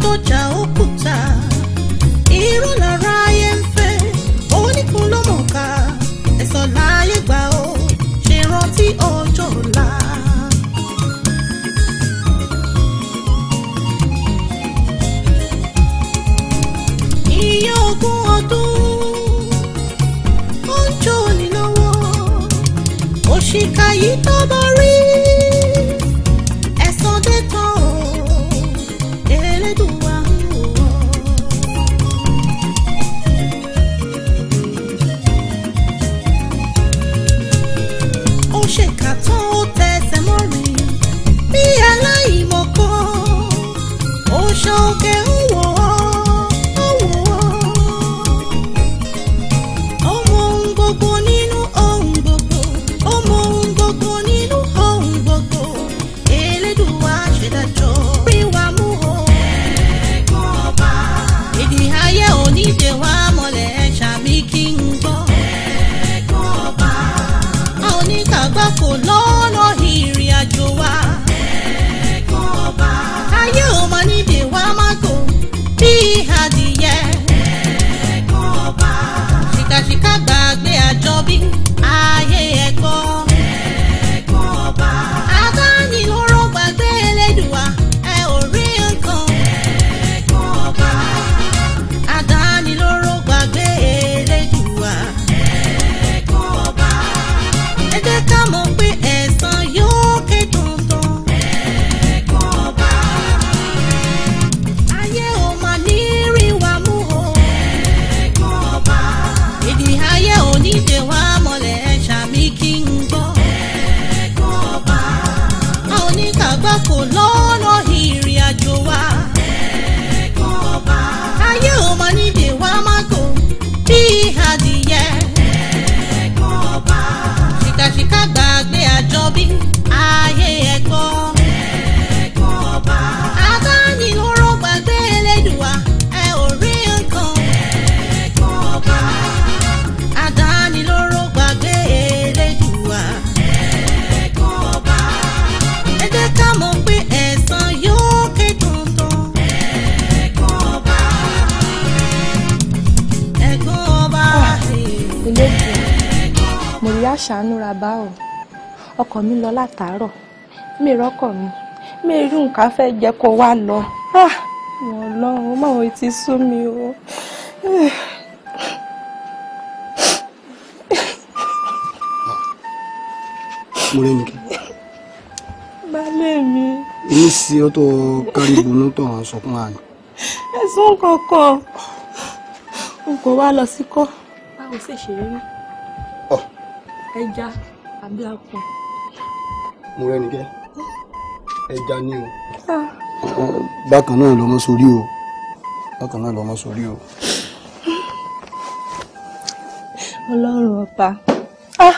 Todo chao látàárọ̀ mi rọ́kọ̀ mi mi rí nǹkan fẹ́ jẹ kó wá lọ wọn lọ́run máwọn ti sú mi o. mo rí mi kí. balẹ̀ mi. èyí sí ọ tó kárí ibùnú tó ń sọ fún ẹ̀sùn kankan n kò wá lọ sí kọ́ báwo sì ṣe rí ẹja àbí akọ mo rẹ́ nìkẹ́ ẹja ni o. Ah. bákan náà lọmọ sórí o bákan náà lọmọ sórí o. ọlọ́run ọba ah!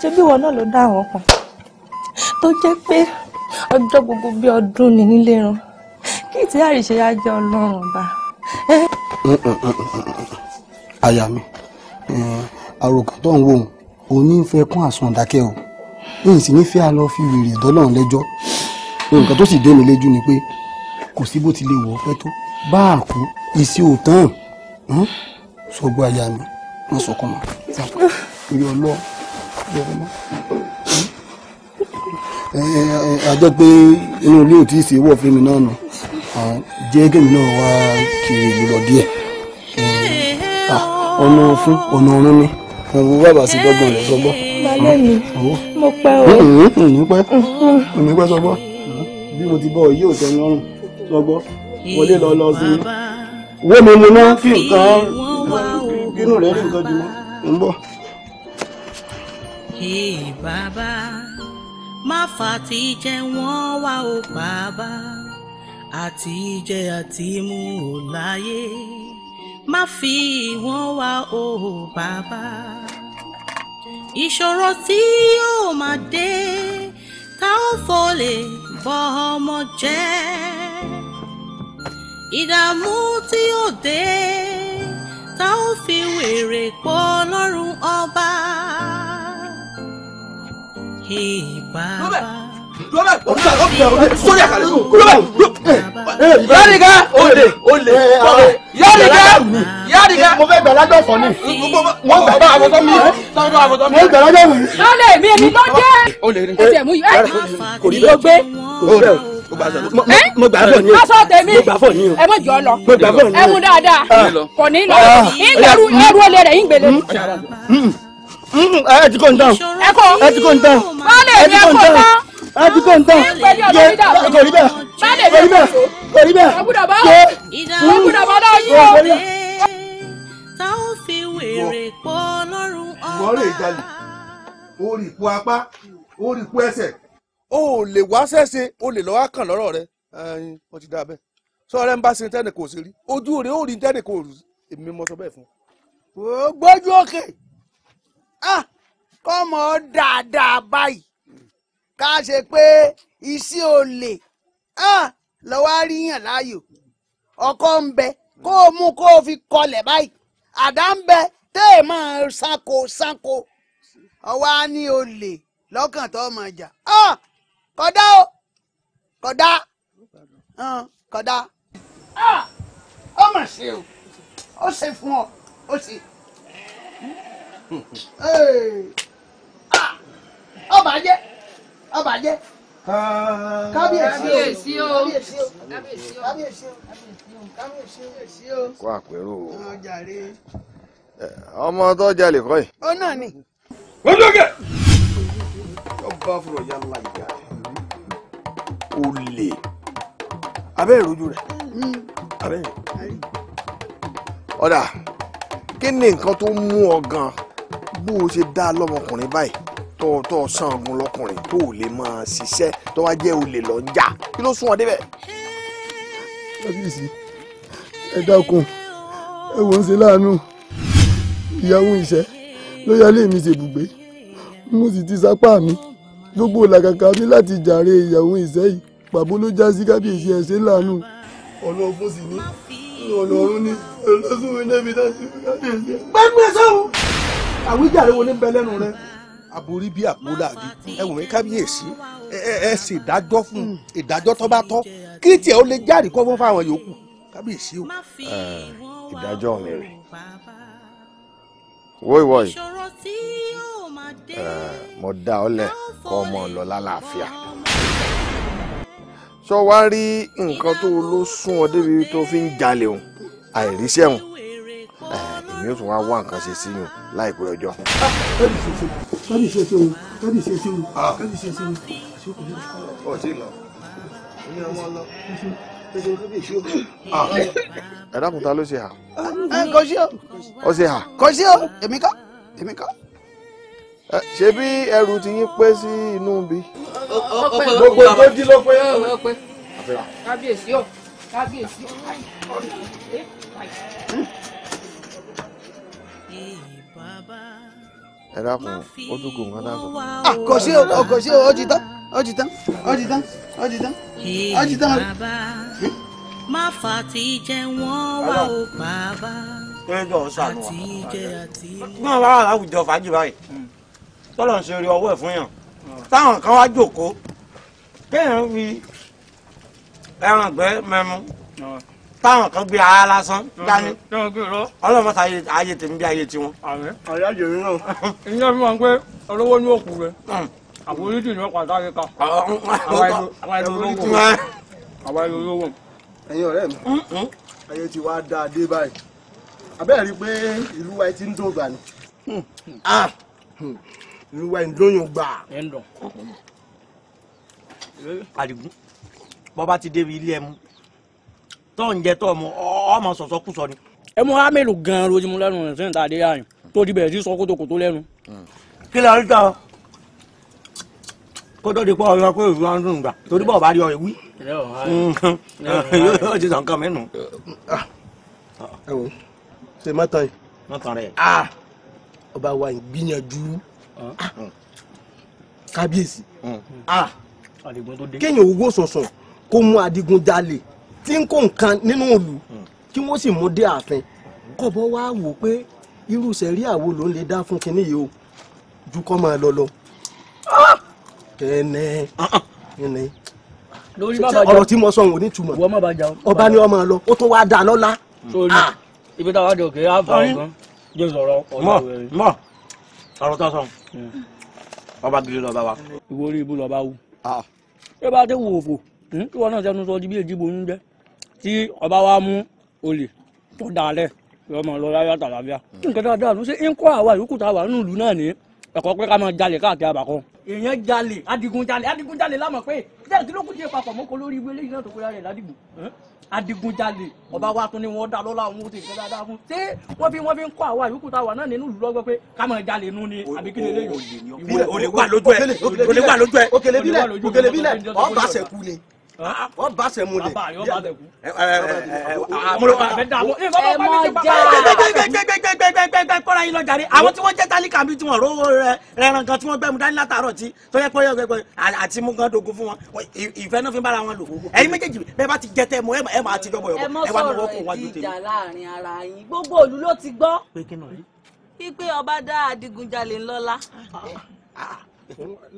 ṣé bí ìwọ náà ló dá àwọn kan tó jẹ́ pé ọjọ́ gbogbo bí ọdún ni nílé run kí tí àríṣe á jẹ́ ọlọ́run ọba. àyà eh? mi eh, àròkàn tó ń wò ó ní fẹ́ kún àsùn dákẹ́ o èyí sì ní fẹ́ a lọ fi wèrè ẹ̀dọ́ náà lẹ́jọ́ nǹkan tó sì dé mi lójú ni pé kò sí bó ti lè wọ̀ ọ́ pẹ́ tó bá a kú iṣẹ́ ò tán hmm? sọgbọ́ aya mi wọ́n sọ kọ́ mọ́ ìrì ọlọ́ ìrọ̀rọ̀ mọ́. àjọ hmm? pé inú ilé ò tí ì ṣe wọ̀ fún mi náà nù jẹ́ gẹ̀mí náà wá kiri lọ díẹ̀ hmm? ọ̀nà ọ̀fun ọ̀nà ọ̀run ni ẹ̀rù bàbá sí dọ́gbọ̀n rẹ̀ dọ́gbọ́n balẹ̀ mi mo pẹ́ o. èmi pẹ́ èmi mm-hmm. pẹ́ sọgbọ́ bí mo ti bọ̀ yóò tẹ́ lọ́rùn sọgbọ́ wọlé lọ lọ sí i wọ́n mi mu náà kí nǹkan bínú rẹ̀ rí nǹkan jù mọ́ ń bọ̀. bàbá má fà tí jẹ́ wọ́n wá o bàbá àti jẹ àti mu ò láyé má fi wọ́n wá o bàbá ìṣòro tí yóò máa dé tá ó fò lè bọ ọmọ jẹ́ ìdààmú tí yóò dé tá ó fi wèrè pọ̀ lọ́rùn ọba. Hey, sórí àkàlẹ̀ yáríga olè olè yáríga yáríga. mo fẹ́ gbàlájọ́ sọ ni wọ́n gbà bá àwọn tó mi wọ́n gbàlájọ́ mi. lọ́lẹ̀ mi èmi ló jẹ́ ẹsẹ̀ mú yìí ẹ̀ kò rí lọ gbé mo gbà fọ ni o aṣọ tèmi mo gbà fọ ni o ẹ mọ jọ lọ mo gbà fọ ni o ẹ mú dáadáa kò ní lọ ìgbẹrù ẹrù olè rẹ ìgbèlè ẹ ti kò ń tán ẹ ti kò ń tán ẹ ti kò tán a ti tó nǹkan yé kò rí bẹ́ẹ̀ kò rí bẹ́ẹ̀ kò rí bẹ́ẹ̀ yé ìdààmú kò rí bẹ́ẹ̀. táwọn fi wèrè pọ̀ lọ́rùn ọba. wọ́n lè jalè ó rí ipò apá ó rí ipò ẹsẹ̀. o ò lè wá sẹ́sẹ̀ o lè lọ́wọ́ kàn lọ́rọ̀ rẹ wọ́n ti dá bẹ́ẹ̀ sọ́ọ́rẹ́ ń bá ṣe tẹ́nì kò sí rí ojú rẹ̀ ó rí tẹ́nì kò rí èmi mo sọ bẹ́ẹ̀ fún. gbójú òkè ah, kọ́mọ dáadáa báyìí ká ṣe pé iṣẹ́ olè lọ́wọ́ rí yàn láàyò ọkọ ń bẹ kó o mú kó o fi kọlẹ̀ báyìí àdá ń bẹ tẹ́ ẹ̀ máa sanko sanko ọwọ́ á ní olè lọ́kàn tó máa jà kódà o kódà kódà ó mà ṣe o ó ṣe fún ọ ó ṣe ọba jẹ́ ọbàjẹ́ kábíyèsí o kábíyèsí o kábíyèsí o kábíyèsí o. kó àpérò o ọmọ tó jalè kọ́ yìí. ó náà ni. wọ́n dọ́gẹ̀. ọba fúnra yàrá ìyá rẹ̀ ó lè abẹ́ ìrojú rẹ̀ abẹ́ ìrojú. ọ̀dà kí ni nǹkan tó mú ọ gan bó o ṣe dá lọ́mọkùnrin báyìí tó tó san ogun lọkùnrin tó ò lè máa ṣiṣẹ́ tó wá jẹ́ olè lọ ń jà kí ló sún ọ débẹ̀. kábíyèsí ẹ dákun ẹ wò ó ṣe láàánú ìyàwó iṣẹ́ ló yálé mi ṣèbùgbé mo sì ti sapá mi gbogbo làkàkà mi láti jàre ìyàwó iṣẹ́ yìí pàbó ló já sí kábíyèsí ẹ ṣe láàánú ọ̀nà òfin sì ní ọ̀nà ọ̀run ní ọ̀nà sóhun ní ẹbí dá sí kábíyèsí. gbẹ́gbẹ́ sọ́hun àwíjàre wo ní bẹ lẹ́nu rẹ aborí bí àpòlà rí ẹ wò kábíyèsí ẹ ṣe ìdájọ́ fún ìdájọ́ tó bá tọ́ kí tiẹ̀ ó lè járe kọ́ fún fáwọn yòókù kábíyèsí o. ìdájọ́ mi rè wó ìwọ mo dá ọ lẹ kọ ọmọ lọ lálàáfíà sọ wá rí nǹkan tó ló sún ọ débi tó fi ń jalè òun àìríṣẹ́ òun èmi ó tún wá wá nǹkan ṣe sí yùn láìpẹ́ ọjọ́ kábí ṣe ṣe o kábí ṣe ṣe o kábí ṣe ṣe o. ọ ti lọ ní ọmọ lọ ẹ dákun ta ló ṣe hà. ẹ kò sí o. ó ṣe hà. kò sí o èmi kọ́ èmi kọ́. ṣé bí ẹrù ti yín pé sí inú bí. gbogbo tó dín ló pé. kábíyèsí o kábíyèsí o. ẹ dákun ó dúkù nǹkan tá a sọ. kò sí o kò sí o ó ti tán ó ti tán ó ti tán ó ti tán ó ti tán. má fà tí jẹ wọn wá o bàbá àti jẹ àti. bí wọn bá wà láwùjọ fàájì báyìí tọ́lọ̀ ń ṣe orí ọwọ́ ẹ̀ fún yàn táwọn kan wá jókòó kéèyàn fi ẹran gbẹ mẹmu táwọn kan gbé ara lásán dání ọlọ́mọ ta ayé tèmi bí ayé tiwọn. àyà jèrè náà. ìyá mi máa ń pẹ́ olówó ní òkú rẹ̀ àforíjì ní ọkọ̀ àtàrí ká àwa ìlú olówó. ẹ̀yin ọ̀rẹ́ mi hmm, hmm. ayé ti wá dáa dé báyìí abẹ́ẹ̀ rí i pé ìlú wa ti ń dògbà ni hmm. Ah. ìlú wa ìdóyún gbà. Adigun bọ́ bá ti débi ilé ẹ mú tó ń jẹ tó ọmọ ọmọ sọ̀sọ́ kú sọ ni. ẹ mú wa mélòó gan-an lójú mu lẹ́nu rẹ̀ sẹ́ńtà adé yáyàn tó di bẹ̀rẹ̀ sí sọ kótókótó lẹ́nu. kí ló ń tọ́ kó tó di pọ́ ọ̀yọ́ pé òun á ń dùn gbà torí bọ́ọ̀ bá rí ọ̀rẹ́ wí. Hmm. yóò ti sọ nǹkan mẹ́nu. Ah, ẹ wo ṣe mọ́tàn yìí. mọ́tàn rẹ̀. Ah, ọba wa ń gbìyànjú ah, kábíyèsí hmm. kéèyàn owó sọ̀sọ̀ kó mú adigun jalè tí ń kó nǹkan nínú ìlú kí wọ́n sì mú dé ààfin kọ̀bọ̀ wá wò pé irú sẹ̀rí àwo ló ń lè dá fún kinní yìí o ju kọ́ máa lọ lọ. kẹ́ẹ̀nẹ́ kẹ́ẹ̀nẹ́ lórí bàbá jà ọ̀rọ̀ tí mo sọ òun ní túmọ̀ ọba ni ọmọ lọ ó tún wáá dà lọ́la. sórí ah! ibi táwa jọ kì í á fà ọ̀gán jẹ́ sọ̀rọ̀ ọ̀dọ̀ rẹ̀. mọ ọ̀rọ̀ tó sọ hmm. ọba gidi lọba wa. ìwọ orí ibú lọba wù. Ah. ẹ bá dé wò òfò ìwọ hmm? náà jẹnu sọ ọdí bí èjì bò ń jẹ tí ọba wa mú olè tó dáa lẹ̀ lọ́mọ lọ́la yàtọ̀ làbíà. nǹkan dáadáa ló ṣe ń kọ́ àwa ìlúkù tá a wà nínú ìlú náà ní ẹ̀kọ́ pé ká máa jalè káàkiri àbàkọ́. èèyàn jalè adigunjalè adigunjalè lámọ̀ pé kílẹ̀ kí ló kù díẹ̀ papọ̀ mọ́ kó lórí ibi eléyìí náà tó kó lára ẹ̀ ládìgbò adigunjalè ọba wa tún ni wọn dá lọ́la òun ó ti ìṣẹ́ dáadáa fún ṣé wọ́n fi wọ́n fi ń kọ́ àwa ìyókù tá a wà náà nínú ìlú lọ́gbọ́ pé ká máa jalè nù ni àbí kí lélẹ́yìn. olè wà lójú ẹ olè wà lójú ẹ òkèlè bílẹ̀ òkèlè bílẹ̀ ọ̀ Ah, wọ́n bá sẹ̀ mu de. ẹmọ já. kọ́ra yín lọ jàre àwọn tí wọ́n jẹ́ tálíkà bíi tí wọ́n rówó rẹran kan tí wọ́n gbẹ́mu dání látàárọ̀ tí tó yẹ pé àti mú gan dogun fún wọn ìfẹ́ náà fi bára wọn lò ẹ̀yin méjèèjì bẹ́ẹ̀ bá ti jẹ tẹ́ mọ ẹ̀ máa ti dọ́bọ̀ yọ̀bọ̀ ẹ̀ wá ní wọ́n kò wájú tèmi. gbogbo òlu ló ti gbọ́ pé ọba dá adigunjalè ńlọ́lá. Ah, ah,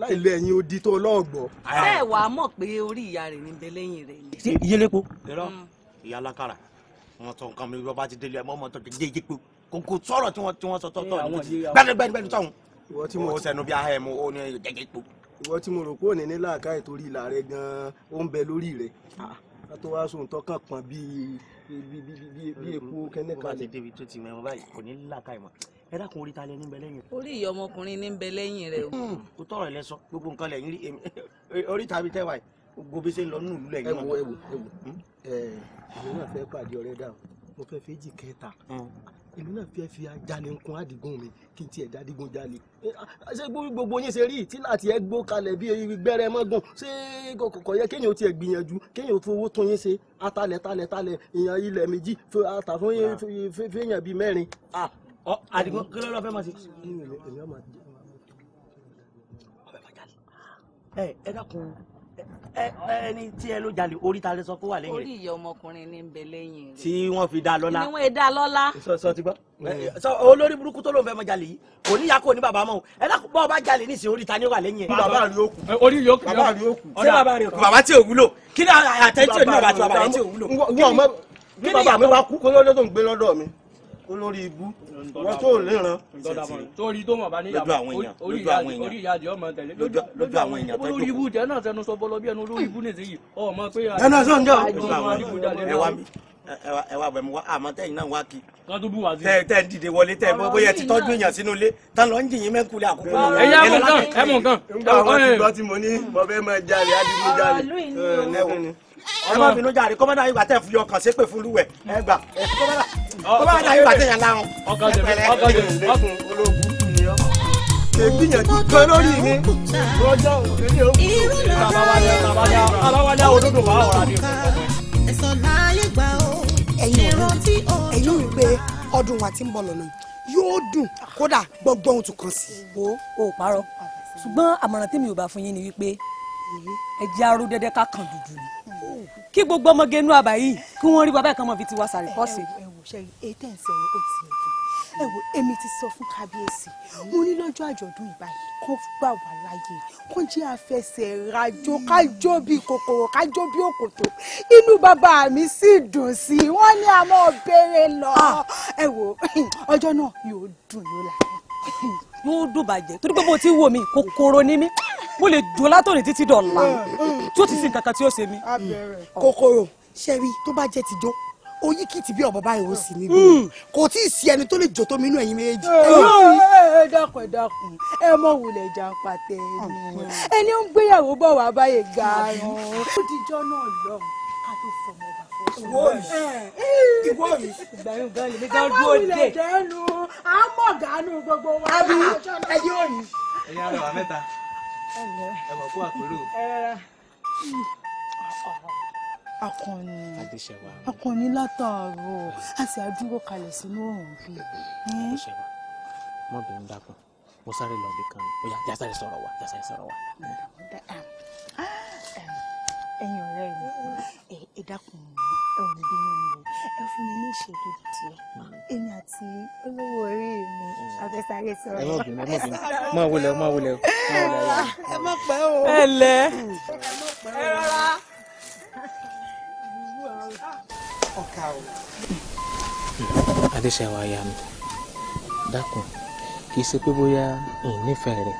láìlé ẹ̀yin odi tó lọ́ọ̀gbọ́. bẹ́ẹ̀ wà á mọ̀ pé orí ìyá rẹ̀ ní bẹ lẹ́yìn rẹ̀ ni. ṣé ìyẹlẹ́po. irọ́ mm. ìyá alákàrà wọn tọ nǹkan mi bá ti délé ẹ mọ́ ọmọ tó ti dé yípo kòkò sọ̀rọ̀ tí wọ́n sọ tọ́tọ́ gbẹ́dúgbẹ́dúgbẹ́dú táwọn. ìwọ tí mo sẹnu bí ahẹ́ mu ó ní jẹ́jẹ́ yípo. ìwọ tí mo rò pé òní ní láàká ìtorí ìlà rẹ gan-an ó ń bẹ lórí rẹ ah. ká tó wá sóhun tó kàn pọ́n bíi epo kẹ́nẹ́kan. bó bá ti débi tó ti ẹ dákun orí ta lẹ ní bẹ lẹ́yìn rẹ. orí ìyá ọmọkùnrin ní bẹ lẹ́yìn rẹ o. o tọrọ ilẹ sọ gbogbo nǹkan lẹ́yìn rí èmi orí tàbí tẹwà yìí gbogbo bí ṣe ń lọ nínú ìlú lẹ́yìn. ẹ wo ẹ wo ẹ wo hmm? ẹ èmi náà fẹ́ pàdé ọ̀rẹ́ dà o mo fẹ́ fẹ́jì kẹta hmm. èmi náà fẹ́ fi ajánikun àdìgún mi kí n tiẹ̀ dádìgún jalè ṣé gbogbo yín ṣe rí tí láti ẹ gbó kalẹ̀ bí gbẹ́rẹ́ mọ́gùn ṣé kọ̀kọ̀ yẹ kéèyàn tiẹ̀ gbìyànjú kéèyàn fowó tún yín ṣe atalẹ̀ talẹ̀ talẹ̀ èèyàn ilẹ̀ méjì àtàfún yín fẹ́yàn bíi mẹ́rin ah, ọ Àdìgún kí ló lọ fẹ́ máa ṣe. ẹ ẹ dákun ẹni tí ẹ ló jalè orí ta lè sọ kó wà lẹ́yìn rẹ̀. orí ìyá ọmọkùnrin ní bẹ lẹ́yìn rẹ̀. tí wọ́n fi dá lọ́lá. ni wọ́n dá lọ́lá. sọ sọ ti gbọ́. sọ olórí burúkú tó ló ń fẹ́ mọ jalè yìí kò níyà kò ní bàbá mọ́ o ẹ dákun bọ́ ọba jalè ní ìsìn orí ta ni ó wà lẹ́yìn rẹ̀. bàbá rẹ̀ ó kù. orí yóò kù. bàbá rẹ̀ ó kù. ṣé bàbá rẹ̀ ó bàbá tí ò wúlò kí ni àtẹ̀tí ò ní bàbá tí olórí ibú wọn tó lè ràn. torí tó mọ̀ bá níyàwó orí ìyá àdìọ́ mọ̀ tẹ̀lé lójú àwọn èèyàn tó lórí ibú tẹ̀ náà sẹnu sọ bọ́lọ́ bí ẹnu olórí ibú nìyí ọmọ pé. ẹ náà sọ̀njọ́ ẹ wá mi ẹ wá bẹ̀mú wá àmọ́ tẹ̀yìn náà wá kí. tẹ tẹ dìde wọlé tẹ bọ bóyá ti tọ́jú èèyàn sínú ilé tán lọ ń jìyìn mẹ́kúlẹ̀ àkókò. ẹ yá mọ̀ nǹkan ẹ mọ̀ nǹkan. nígbà wọn ti gbọ́ tí mo ní mo máa jalè adigun jalè ẹ má bínú jàre kọ́mọ́dà ìgbà tẹ̀ fún yọ ọkàn ṣépè fún lúwẹ̀ ẹ gbà kọ́mọ́dà ìgbà tẹ̀ yàn láwọn. ọkàn jẹ̀mí ọkàn ni ọ́. ègbìyànjú kan lórí mi lọ́jọ́ òkèlè òkùnkùn àbáwálé àbáwálé òdodo wà ọ̀rá ni. ẹ̀yin ò ní ẹ̀yin ò ní pé ọdún wa ti ń bọ̀ lọ́nà yóò dùn kódà gbọ́gbọ́n ohun tó kàn sí. wo o parọ́ ṣùgbọ́n àmọ̀ràn tèmi ò bá fún yín ni wípé ẹ jẹ́ aró dẹ́dẹ́ ká kàn dùdù ni kí gbogbo ọmọge inú àbá yìí kí wọ́n rí bàbá ìkànnì fi tiwa sàrè pọ́sì. ẹ wò ṣẹ́yìn èyí tẹ̀ ń sọ yẹn ó ti yẹ ẹ wò èmi ti sọ fún kábíyèsí mo ní lọ́jọ́ àjọ̀dún ìbáyìí kó gbà wá láàyè kó jẹ́ àfẹsẹ̀ rajò kájọ́ bíi kòkòrò kájọ́ bíi òkòtò inú bàbá mi sì dùn sí i wọ́n ní a máa lọ ah! ẹ ọjọ́ náà yóò dùn yóò là yóò dùn bàjẹ́ torí pé bó ti wò mí kòkòrò ni mí mo lè jò látòní títí dọ̀la mm, mm. tí ó ti sin kankan tí ó ṣe mí. Mm. kòkòrò ṣẹ́rí tó bá jẹ́ tìjó oyin kìtì bí ọ̀bọ̀ báyìí ó sì ní gbòòrò kò tí ì sí ẹni tó lè jò tó mi inú ẹ̀yin méjì. ẹ dákun ẹ dákun ẹ mọ wulẹ̀ jà ń patẹ́ ẹni ẹni ń gbéyàwó bọ̀ wá báyìí gan-an ó dijọ́ náà lọ́hùn ìwọ yìí ìwọ yìí. ìgbà gan lè mi gan dúró dé. àwọn ilẹ̀ dẹ́nu amọ̀gánú gbogbo wa. àbí ẹyẹ òyìn. ẹyẹ arẹwà mẹ́ta ẹ mọ̀ kó àpérò. Akọni Akọni látàárọ̀ àti àdúró kalẹ̀ sínú òrùn bíi. Mọ̀bìnrin dàpọ̀ mo sáré lọ bìkan ó yá jásáré sọ̀rọ̀ wa jásáré sọ̀rọ̀ wa. ẹ̀yin ọ̀rẹ́ mi ẹ dákun mi ẹ ò bínú mi ẹ fún mi ní ìṣèlú díẹ̀ èmi àti olówó orí mi abẹ́sáré sọ̀rọ̀. ẹ má bínú ẹ má bínú máa wọlé máa wọlé ẹ má pẹ́ o. ẹ lẹ ẹ rọra. ọkà o. adéṣẹ́wà ya mi dákun kì í ṣe pé bóyá n nífẹ̀ẹ́ rẹ̀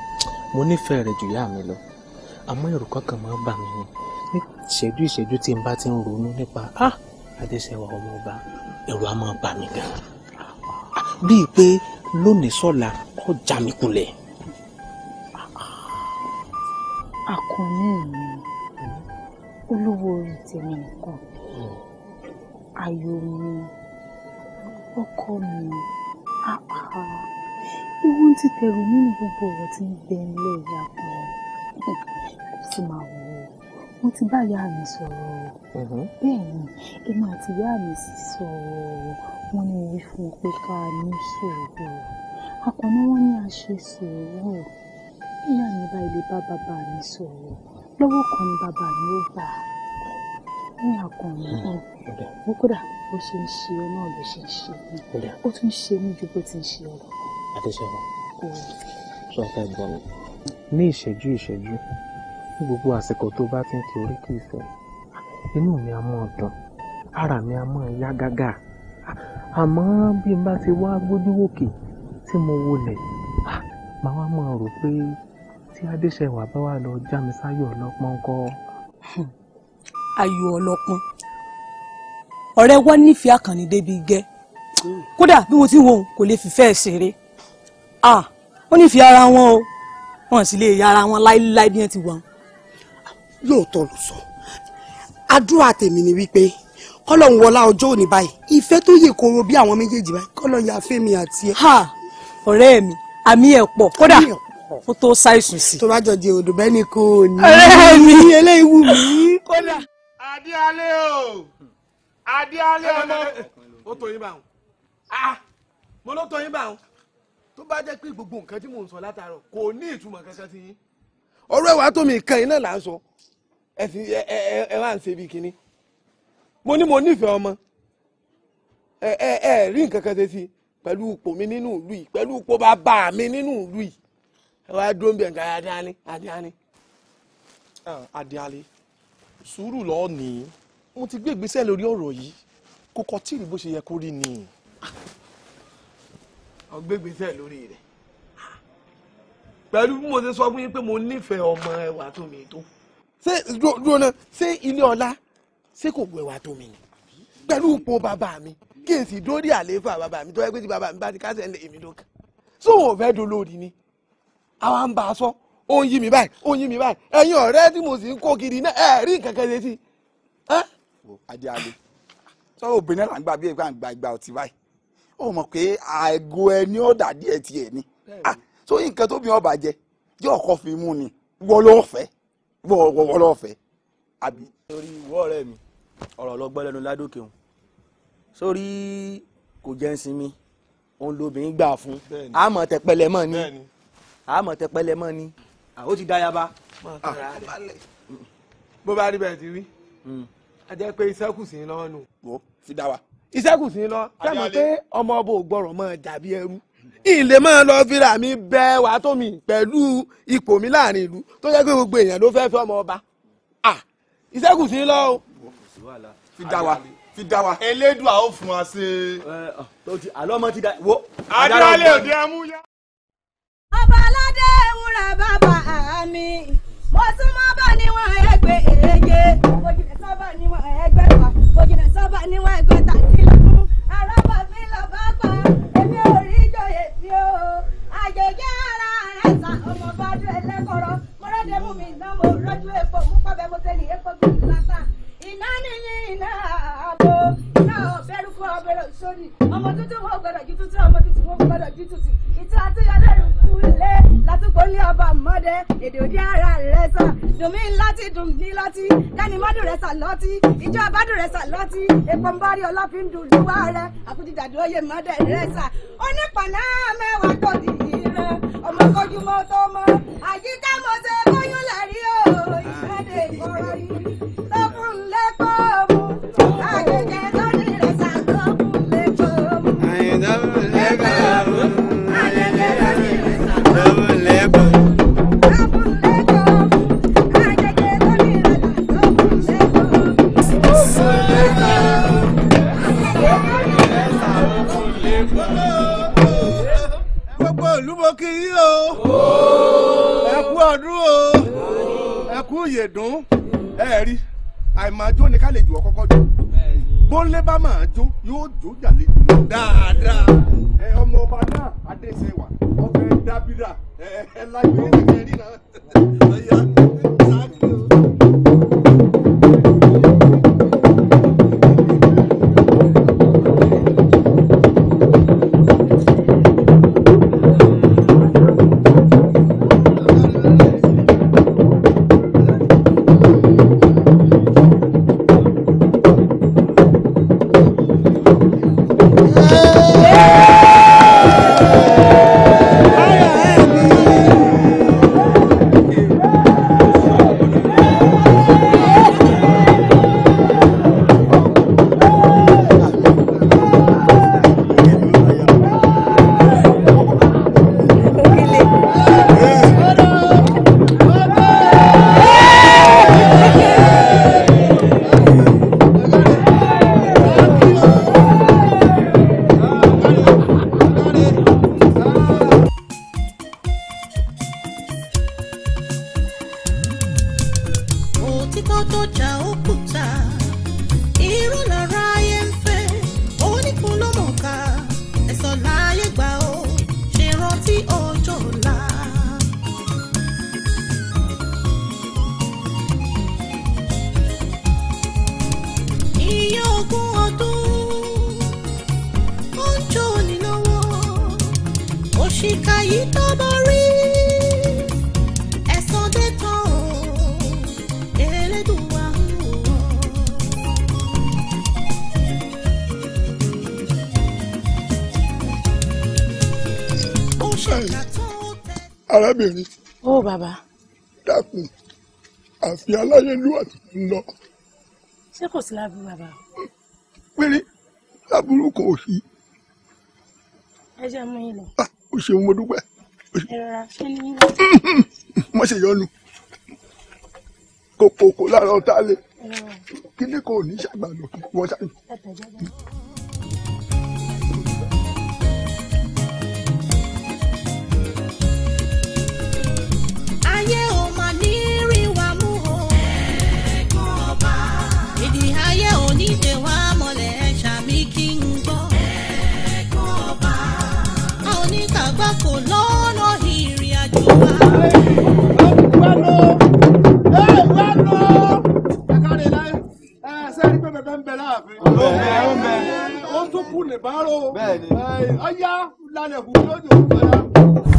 mo nífẹ̀ẹ́ rẹ̀ jù yá mi lọ àmọ́ èrò kankan máa ń bà mí ní ìṣẹ́jú ìṣẹ́jú tí n bá ti ń ronú nípa ah adéṣẹwà ọmọọba ẹ̀rù á máa bà mí gan bíi pé lónìí sọ̀la kọ́ já mi kulẹ̀. àkànní mi olówó orí tèmi nìkan hmm. ayò mi ọkọ mi àpá ìwọ́n ti tẹ̀rù nínú gbogbo ọ̀rọ̀ tí ń bẹ ń lẹ̀ yàtọ̀ ó sì máa wọ wọ́n ti bá ìyá mi sọ̀rọ̀ mm-hmm. bẹ́ẹ̀ ni èmi àti ìyá mi sì sọ̀rọ̀ wọ́n ní wí fún wọn pé ká ní sọ̀rọ̀ akọni wọn ní a ṣe sọ̀rọ̀ ìyá mi bá ilé bá bàbá mi sọ̀rọ̀ lọ́wọ́ kan ni bàbá mi ó gbà ní o ó kódà bó ṣe ń ṣe ọ náà ló ṣe ń ṣe mí ó tún ṣe mí ju bó ti ń ṣe ọ lọ. àti sọ̀rọ̀ sọ fẹ́ gbọ́ mi ní ìṣẹ́jú ìṣẹ́jú ní gbogbo àsìkò tó bá ti ń kí oríkì ìfẹ́ inú mi á mọ̀ dùn ara mi á mọ̀ yá gágà àmọ́ bí n bá ti wá gbójú wòkè tí mo wọlẹ̀ màá wá mọ̀ rò pé tí adéṣẹwà bá wà lọ já mi sáyọ̀ ọlọ́pọ́n kọ́. Hmm. ayọ̀ ọlọ́pọ́n ọ̀rẹ́ wa nífẹ̀ẹ́ àkànní débi gẹ́ kódà bí mo ti wò kò lè fìfẹ́ ṣeré ah wọ́n nífẹ̀ẹ́ ara wọn o wọ́n sì lè ya ara wọn láéláé bí wọ́n ti wà wọn lóòótọ́ ló sọ àdúrà tèmi ni wípé kọ́lọ́hún wọlá ọjọ́ òní báyìí ìfẹ́ tó yè koro bí àwọn méjèèjì báyìí kọ́lọ́hún ya fẹ́mi àti ẹ. ha ọ̀rẹ́ mi àmì ẹ̀ pọ̀ kódà kó tó ṣàìsùn sí. tó bá jọ di odò bẹ́ẹ̀ ni kò ní. ọ̀rẹ́ mi eléyìí wù mí kódà. adéalé o adéalé ọmọ ó tó yín bá wọn ah! mo ló tó yín bá wọn tó bá jẹ́ pé gbogbo nǹkan tí mò ń sọ látàárọ̀ kò ní ìtumọ̀ kankan sí yín ọ̀rọ̀ ẹ̀wà tó mi kàn ẹ sì ẹ ẹ ẹ wá ń ṣe bí kinní mo ní mo nífẹ̀ẹ́ ọmọ ẹ ẹ ẹ rí nǹkan kan ṣe sí pẹ̀lú ipò mi nínú ìlú yìí pẹ̀lú ipò bàbá mi nínú ìlú yìí ẹ wá dúró ń bẹ̀ nǹkan adéalé adéalé. adéalé sùúrù lọ́ọ́ ni mo ti gbé ìgbésẹ̀ lórí ọ̀rọ̀ yìí kò kọ́ tí ì ṣe yẹ kó rí ni. ọ gbé ìgbésẹ̀ lórí rẹ̀ pẹ̀lú bí mo ṣe sọ fún yín pé mo nífẹ̀ẹ́ ọmọ ẹwà tó mi tó ṣé rona ṣé ilé ọlá ṣé kò gbẹwà tó mi ni pẹ̀lú ipò bàbá mi kí n sì dórí àlééfà bàbá mi tó yẹ tí bàbá mi bá ti kásẹ̀ ńlẹ̀ èmi ló kàn ṣé òun fẹ́ dolórí ni àwa ń bá a sọ ó ń yí mi báyìí ó ń yí mi báyìí ẹ̀yin ọ̀rẹ́ tí mo sì ń kó kiri náà ẹ̀ rí nǹkan kan ṣe sí i. adé sọ obìnrin náà là ń gbà ń gba ìgbà ọtí báyìí ó mọ̀ pé àgọ́ ẹ ní ọ̀dà díẹ̀ tiẹ̀ ni so nǹkan tó bí ọba jẹ yóò kọ́ fi mú ni wọ́n ló ń fẹ́ wọ́wọ́ lọ́fẹ̀ẹ́ àbí. sórí ìwọ ọ̀rẹ́ mi ọ̀rọ̀ ọlọ́gbọ́n lẹ́nu ládòkè òun sórí kò jẹ́ ń òun lobìnrin gbà fún àmọ̀ tẹpẹlẹ mọ́ ni àmọ̀ tẹpẹlẹ mọ́ ni ó ti dáyaba. Ah, bó bá rí bẹ́ẹ̀ ti rí hmm. a jẹ́ pé iṣẹ́ kù sí i lọ́wọ́ nù. wo fi dá wa. iṣẹ́ kù sí i lọ sẹ́mi pé ọmọ ọba ò gbọ́rọ̀ mọ́ dàbí ẹrú ìlè máa lọ fira mi bẹ wà tó mi pẹ̀lú ipò mi láàrin ìlú tó jẹ́ pé gbogbo èèyàn ló fẹ́ẹ́ fẹ́ ọmọ ọba iṣẹ́ kù sí lọ o. fi dá wa fi dá wa. elédùn àwọn fún wa ṣe. àlọ́ ọmọ ti da wo. adúlálẹ̀ òde amúyá. ọba aládé ewúrẹ́ bàbá mi mo tún mọ́ bá níwọ̀n ẹgbẹ́ èyege mo jìnà sọ́bà níwọ̀n ẹgbẹ́ wa mo jìnà sọ́bà níwọ̀n ẹgbẹ́ tàbí lọ́dún arábàbí lọ́ba pa bí o àjèjì ara rẹ̀ ta ọmọ bá dúró ẹlẹ́kọ̀ọ́rọ́ mọ́rọ́dé mú mi iná mo rọ́jú epo mú ẹlẹ́rú fún ọmọ ẹlẹ́rú sórí ọmọ tuntun wọn gbọdọ̀ ju tuntun ọmọ tuntun wọn gbọdọ̀ ju tuntun ìtọ́ àtúnyẹlẹ́ rẹ̀ kú lé látúgbò ní ọba mọ́dẹ èdè òde ara rẹ̀ sà dùnmí láti dùn ní lọ́tí kẹ́ni mọ́dún rẹ̀ sà lọ́tí ìjọ abádùn rẹ̀ sà lọ́tí epo ń bá rí ọlọ́fin dùn lúwa rẹ̀ àkútìdàdúró yé mọ́dẹ rẹ̀ sà onípànà mẹ́wàá kò dì í ọmọ kojúmọ́ tó mọ́ àyíká mo ṣe kóyún lẹ́rí o ìfẹ́ dè kọ́rọ́ yìí tó fún lẹ́kọ̀ọ́ mu àjẹjẹ gbogbo ìlú mo kí yí o ẹ kú ọdún o ẹ kú ìyèdún ẹ rí àìmájó ni ká lè jù ọ kọ́kọ́ jù bọ́lẹ́ bá máa jó yóò jó jàlejò náà. dáadáa. ẹ ọmọ ọba náà adéṣẹwà ọbẹ dábìrà ẹ ẹ láyé ẹ rí náà. ṣé kò sí láburú bàbá. péré láburú kò sí. ẹ jẹ́ mú yín lọ. Ah, o ṣeun mo dúpẹ́. ẹ rọra ṣé ní. mo ṣe yọnu kòkòkò lára ọ̀tá lé kíní kò ní ṣàgbà lọ wọn ṣàgbà. kò lọ́nà ìrìn àjò wa. ó tún kú nìbárò ọyá lálẹ́ kù lójú ọ̀gá.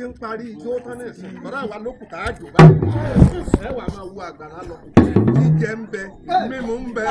ti ń parí igbó tánẹ̀sì lọ́dọ̀ àwa ló kù tá a jò báyìí ẹ wàá máa wo àgbàrá lọ jíjẹ ń bẹ mímu ń bẹ.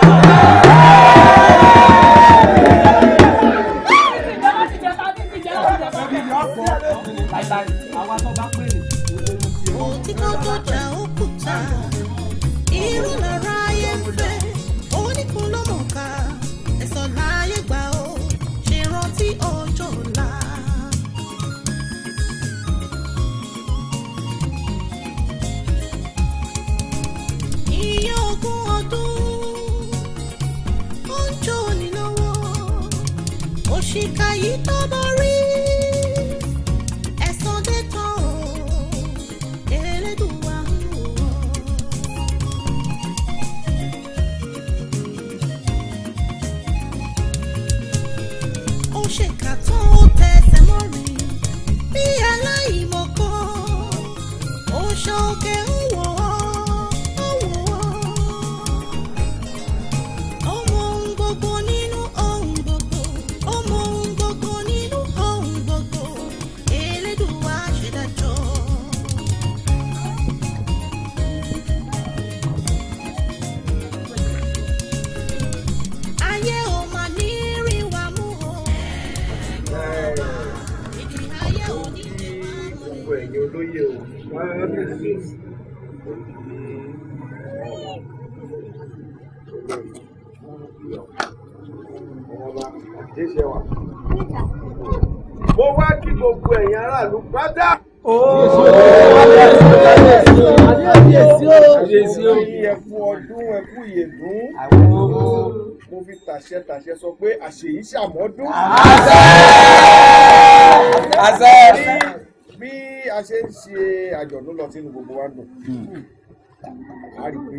a rí pé àlejò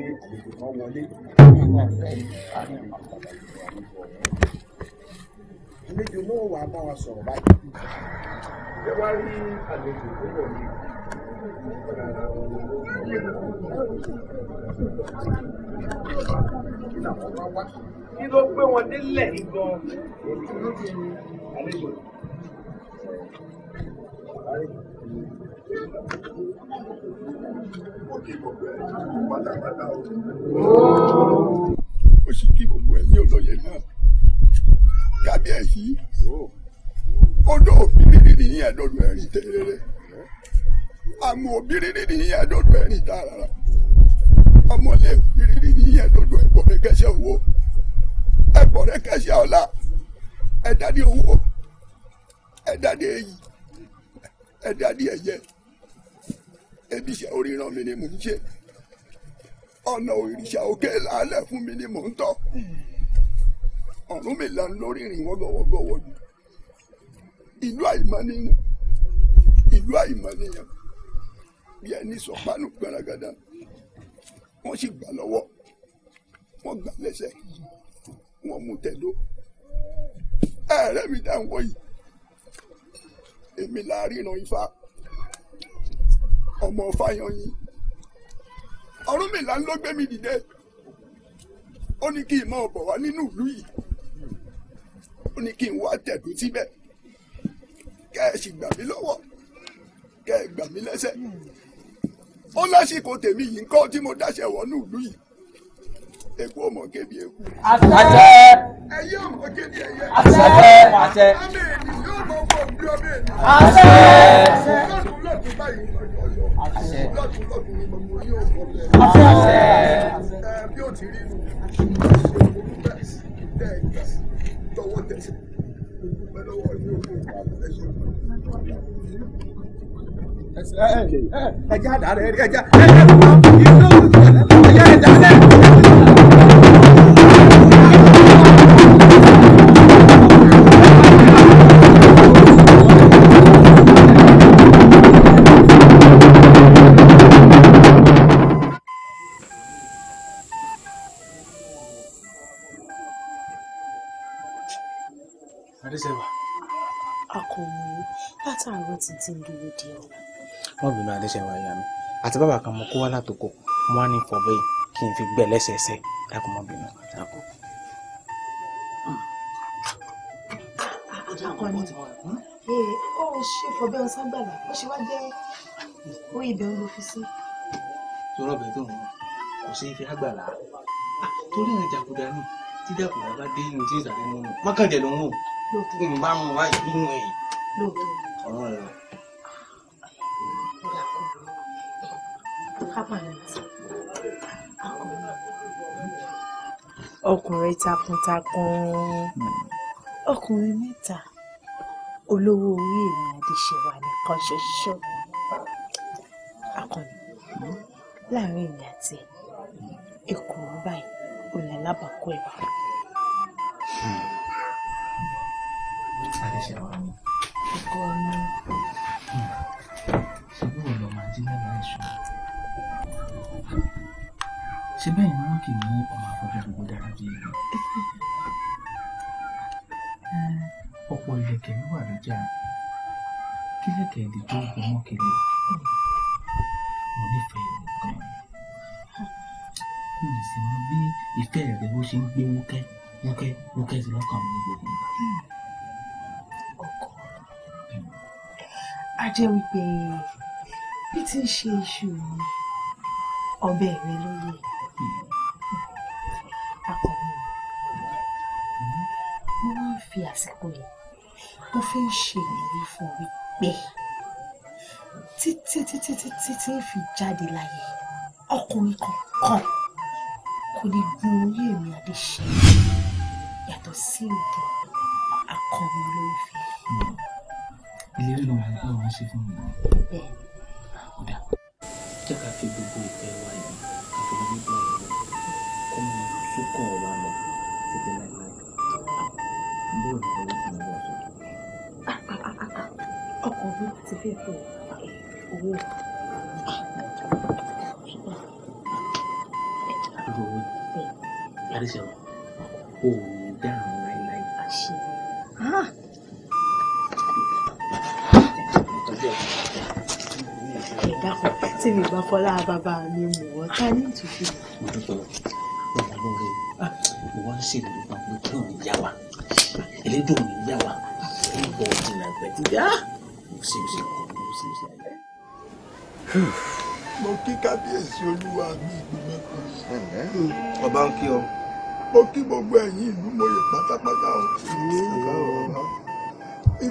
kan wọlé àwọn ọ̀fẹ́ àárín àwọn àgbàlagbà àlejò náà wà bá wa sọ̀rọ̀ báyìí. ẹ wá rí àlejò tó wọ̀ ní kí ló gbé wọn délẹ̀ gan-an kí ó sì kí gbogbo ẹ̀ ní olóye náà kábíyèsí odò òbírìrì ní ẹ̀dọ́dọ̀ ẹ̀rìn tẹ́lẹ̀rẹ́ àmọ́ òbírìrì ní ẹ̀dọ́dọ̀ ẹ̀rìn tààrà ọmọlẹ́ òbírìrì ní ẹ̀dọ́dọ̀ ẹ̀bọ̀ rẹ̀ kẹsẹ̀ owó ẹ̀bọ̀ rẹ̀ kẹsẹ̀ ọ̀la ẹ̀dá ní owó ẹ̀dá ní èyí ẹ̀dá ní ẹ̀yẹ ebi iṣẹ́ oríran mi ni mò ń ṣe ọ̀nà òrìṣà òkè làálẹ̀ fún mi ni mò ń tọ̀ ọ̀run mi lanu lórí ìrìn wọ́gọ́wọ́gọ́wọ́ ni ìlú àìmọ́ nìyẹn ìlú àìmọ́ nìyẹn bí ẹni sọ pánù gbaragada wọ́n sì gbà lọ́wọ́ wọ́n gbà lẹ́sẹ̀ wọ́n mú tẹ̀dó ẹ̀rẹ́ mi dáhùn wọ̀nyí èmi láàrin ìran ifá ọmọ fáyọyìn ọ̀rúnmìlà ló gbé mi dìde ó ní kí n mọ ọbọ wá nínú ìlú yìí ó ní kí n wá tẹ̀dú síbẹ̀ kẹ́ ẹ sì gbà mí lọ́wọ́ kẹ́ ẹ gbà mí lẹ́sẹ̀ ó lásìkò tèmi yìí kọ́ tí mo dáṣẹ wọnú ìlú yìí eku ọmọ kébi eku. àṣẹ. ẹyẹ ọmọ kébi ẹyẹ. àṣẹ. àṣẹ. ọmọ ènìyàn ọmọ ọmọ òbí ọmọ ènìyàn. àṣẹ. lọ́dún lọ́dún báyìí ọjọ́ ọjọ́ àṣẹ àṣẹ bí ó ti rí nu tọwọ́ tẹsẹ̀ olùpẹ lọ́wọ́ ní owó ẹsọ. ẹ ẹ ẹ ẹ jáde ẹ jáde ẹ jáde ẹ jáde ẹ jáde. Adéṣẹ́wà. Akọ̀wé látàárọ̀ ti ti ń dúró di ọ̀la. Wọ́n bínú Adéṣẹ́wà ìyá mi. Àti bàbá kan mo kó wá látòkò. Mo wá ní ìfọ̀bẹ́ yìí kí n fi gbẹ lẹ́sẹẹsẹ. Dákun mọ́ bínú. Dákun. Ah, Akọ̀ni hmm? ee ó ṣe ìfọ̀bẹ́ ọ̀sán gbàgbà ó ṣe wá jẹ́ ó ibẹ̀ ń lo fi sí. Sọ̀rọ̀ bẹ̀ tó ń wọ̀ kò sí ife àgbàlá. Ah, torí ìrìn jàkúdà náà tíjà kò bá dé ní tí ìsàlẹ̀ mú un mọ́kànjẹ́ ló ń wò kí n bá wọn wáyé nínú ẹ̀ ọ̀rọ̀ rẹ̀. ọkùnrin takuntakun ọkùnrin mẹ́ta olówó orí èmi adéṣèwà nìkan ṣoṣo akọni láàrin èmi àti ẹ èkó báyìí alábàákọ ẹ̀ wá. ọkọ mi. ṣebí wọn lọ máa jí lẹ́la ẹ̀ṣọ́ ṣe bẹ́ẹ̀ ni wọ́n kì í ní ọmọ àfọ́jú gbogbo dára bí ẹ̀yọ́ ọ̀pọ̀ ilẹ̀kẹ̀ ló wà lọ́jà kílẹ̀kẹ̀ ìdíjọ́ ìgbọ́mọ́kẹ̀lẹ̀. ṣe ń gbé wúkẹ́ wúkẹ́ wúkẹ́ sí lọ́kàn mi ní gbogbo ìgbà. ọkọ a jẹ́ wípé bí ti ń ṣe iṣu mi ọbẹ̀ mi ló yẹ akọni mo máa ń fi àsìkò yìí mo fẹ́ ṣe ìlérí fún wípé títí títí títí fi jáde láyé yìí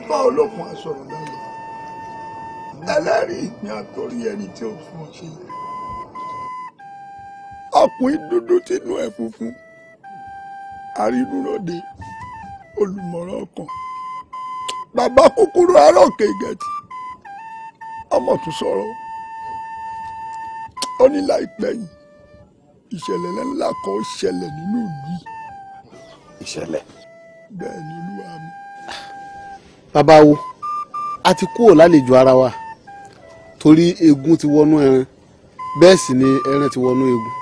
bá olókun asọ̀rọ̀ lẹ́yìn ẹlẹ́rìí ìpín àtòrí ẹni tí ó fún ọ ṣe ọkùnrin dúdú tínú ẹ̀ funfun àrínúròde olùmọ̀ràn ọkàn bàbá kúkúrú arọ́ọ̀kẹ́ ìgẹ̀tì ọmọ tún sọ̀rọ̀ ó ní láìpẹ́ yìí ìṣẹ̀lẹ̀ ńlá kan ó ṣẹlẹ̀ nínú ìlú yìí. ìṣẹ̀lẹ̀. bẹ́ẹ̀ ni olúwa mi babawo a ti kúrò lálejò ara wa torí eegun ti wọnú ẹran bẹ́ẹ̀ sì ni ẹran ti wọnú eegun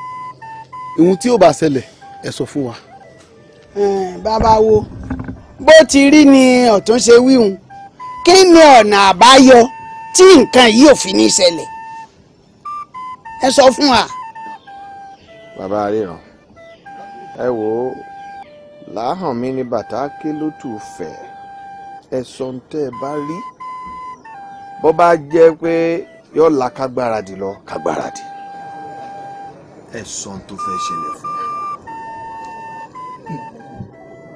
ìhun tí ó bá ṣẹlẹ̀ ẹ sọ fún wa. babawo bó ti rí ni ọ̀tún ṣe wíhun kí ni ọ̀nà àbáyọ tí nǹkan yìí ò fi ní ṣẹlẹ̀ ẹ sọ fún wa. bàbá ríran ẹ wò ó làáhàn mi ni bàtà kí ló tù fẹ́ẹ́ ẹ̀sán tẹ́ ẹ bá rí bó bá jẹ́ pé yóò la kágbára dì lọ kágbára dì ẹ̀sán tó fẹ́ ṣẹlẹ̀ fún un.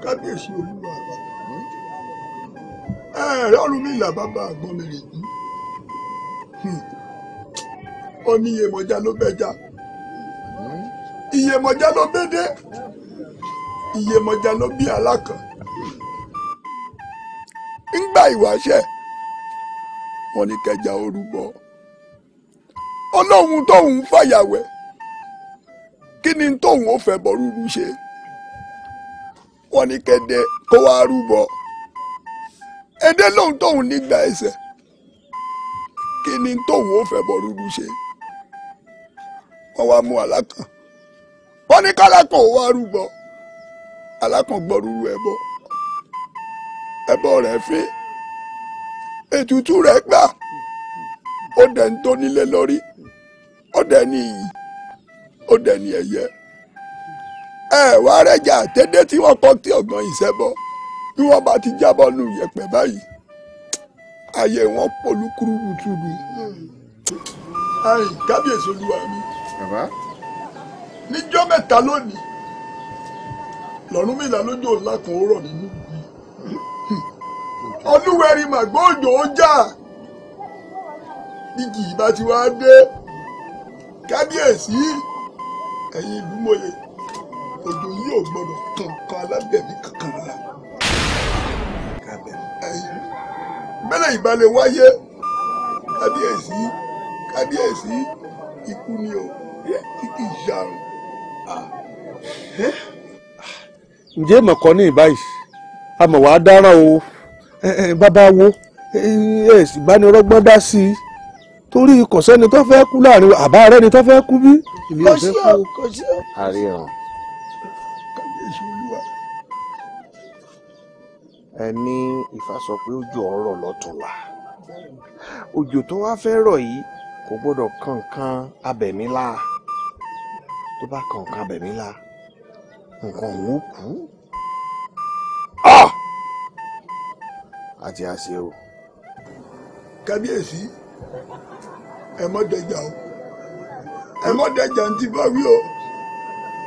kábíyèsí olúwa bàbá ẹ̀rẹ́ Ọ̀rúnmìlà bàbá àgbọ̀n mi rèé hmm. ó ní iyèmọ̀já ló bẹja hmm. iyèmọ̀já ló bédè iyèmọ̀já ló bí alákan. dá ìwáṣẹ̀ wọ́n ní kẹjà orúbọ ọlọ́run tóun fàyàwẹ̀ kí ni tóun ó fẹ́ bọ rúru ṣe wọ́n ní kéde kó wá rúbọ èdè lóun tóun nígbà ẹsẹ̀ kí ni tóun ó fẹ́ bọ rúru ṣe wọ́n wá mú alákan wọ́n ní kálákan ò wá rúbọ alákan gbọ́ rúru ẹbọ ẹbọ rẹ̀ fẹ́ẹ́. ètùtù rẹ̀ gbà ó dẹ̀ ń tó nílé lórí ó dẹ̀ ní iyì ó dẹ̀ ní ẹ̀yẹ. ẹ wá rẹ́jà dédé tí wọ́n kọ́ tí ọ̀gbọ́n yìí sẹ́bọ̀ bí wọ́n bá ti jábọ̀ nù yẹ̀pẹ̀ báyìí ayé wọn pọ̀lú kúrúbùtúbù. kábíyèsí olúwa mi níjọ́ mẹ́ta lónìí lọ́rùn mi ìlànà òjò ńlá kan ó rọ̀ nínú. olúwẹ̀rí màgbóòjò ó jà bí kì ti wá dé kábíyèsí ẹ̀yin ìlú mòye òjò yóò gbọdọ̀ kankan alábẹ̀mí kankan la bẹ́lẹ̀ ìbalẹ̀ wáyé kábíyèsí kábíyèsí ikú ni o ǹjẹ́ mọ̀kọ́ ní ìbáyìí a mọ̀ wá o. Eh, eh, bàbá wo ẹ eh, sì bá ní rọgbọ́n dá sí i torí kò sẹ́ni tó fẹ́ kú láàrin àbá rẹ ni tó fẹ́ kú bí. kò sí ọ kò sí ọ. àrí ọ. ẹ ní Ifá sọ pé ojú ọ̀rọ̀ lọ́tùnla òjò tó wá fẹ́ rọ̀ yìí kò gbọ́dọ̀ kankan abẹ̀mí la tó bá kankan abẹ̀mí nǹkan òun ó kú. àti àṣẹ o. kábíyèsí ẹ mọ́ dẹjà o ẹ mọ́ dẹjà ń ti bá wí o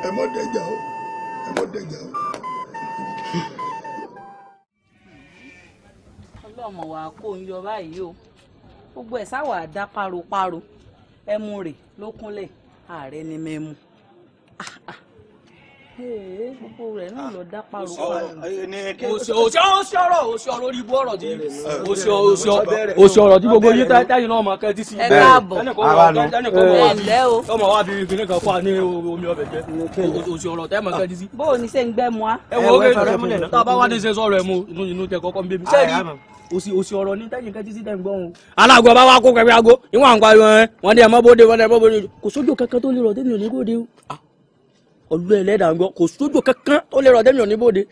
ẹ mọ́ dẹjà o ẹ mọ́ dẹjà o. ọlọ́mọ wa kò ń yọ báyìí o gbogbo ẹ̀ sáwà dá páropáro ẹmu rẹ̀ ló kúnlẹ̀ ààrẹ ni mẹ́mu. Ah, ah gbogbo rẹ̀ náà ah, lọ dá parọ́ parọ́. òsì ọ̀rọ̀ òsì ọ̀rọ̀ orí ibú ọ̀rọ̀ tí òsì òsì ọ̀rọ̀ tí gbogbo yín táyì náà mọ̀ kẹ́ tí sí. ẹ káàbọ̀ ẹ ǹlẹ́ o. ọmọ wa bíi ìpínlẹ̀ kan fún wa ní omi ọbẹ̀ jẹ́ òsì ọ̀rọ̀ tẹ́ mọ̀ kẹ́ tí sí. bó o ní sẹ́ ń gbẹ́ mu a. ẹ wọ oge tó a bá wá ní sẹ́ sọ̀rọ̀ ẹ̀ mu inú inú tẹ kọ́kọ́ ń bẹ́mi. sẹ́ẹ̀rì òsì òsì ọ̀rọ̀ ní tẹ́yìn kẹ́tí sí tẹ̀ ń gbọ́ wọn. aláàgọ́ bá wa kó kẹ́kẹ́ ago ìwọ̀n àǹkọ́ ayọ̀ ẹ̀ wọ́n dẹ̀ mọ́ bóde wọ́n dẹ̀ mọ́ bóde kò sójú kankan tó lè rọ̀ tẹ́mi ò ní bóde o. Ah, ọlọ́ ẹlẹ́dàá ń gbọ́ kò sójú kankan tó lè rọ̀ dẹ́mi ò ní bòde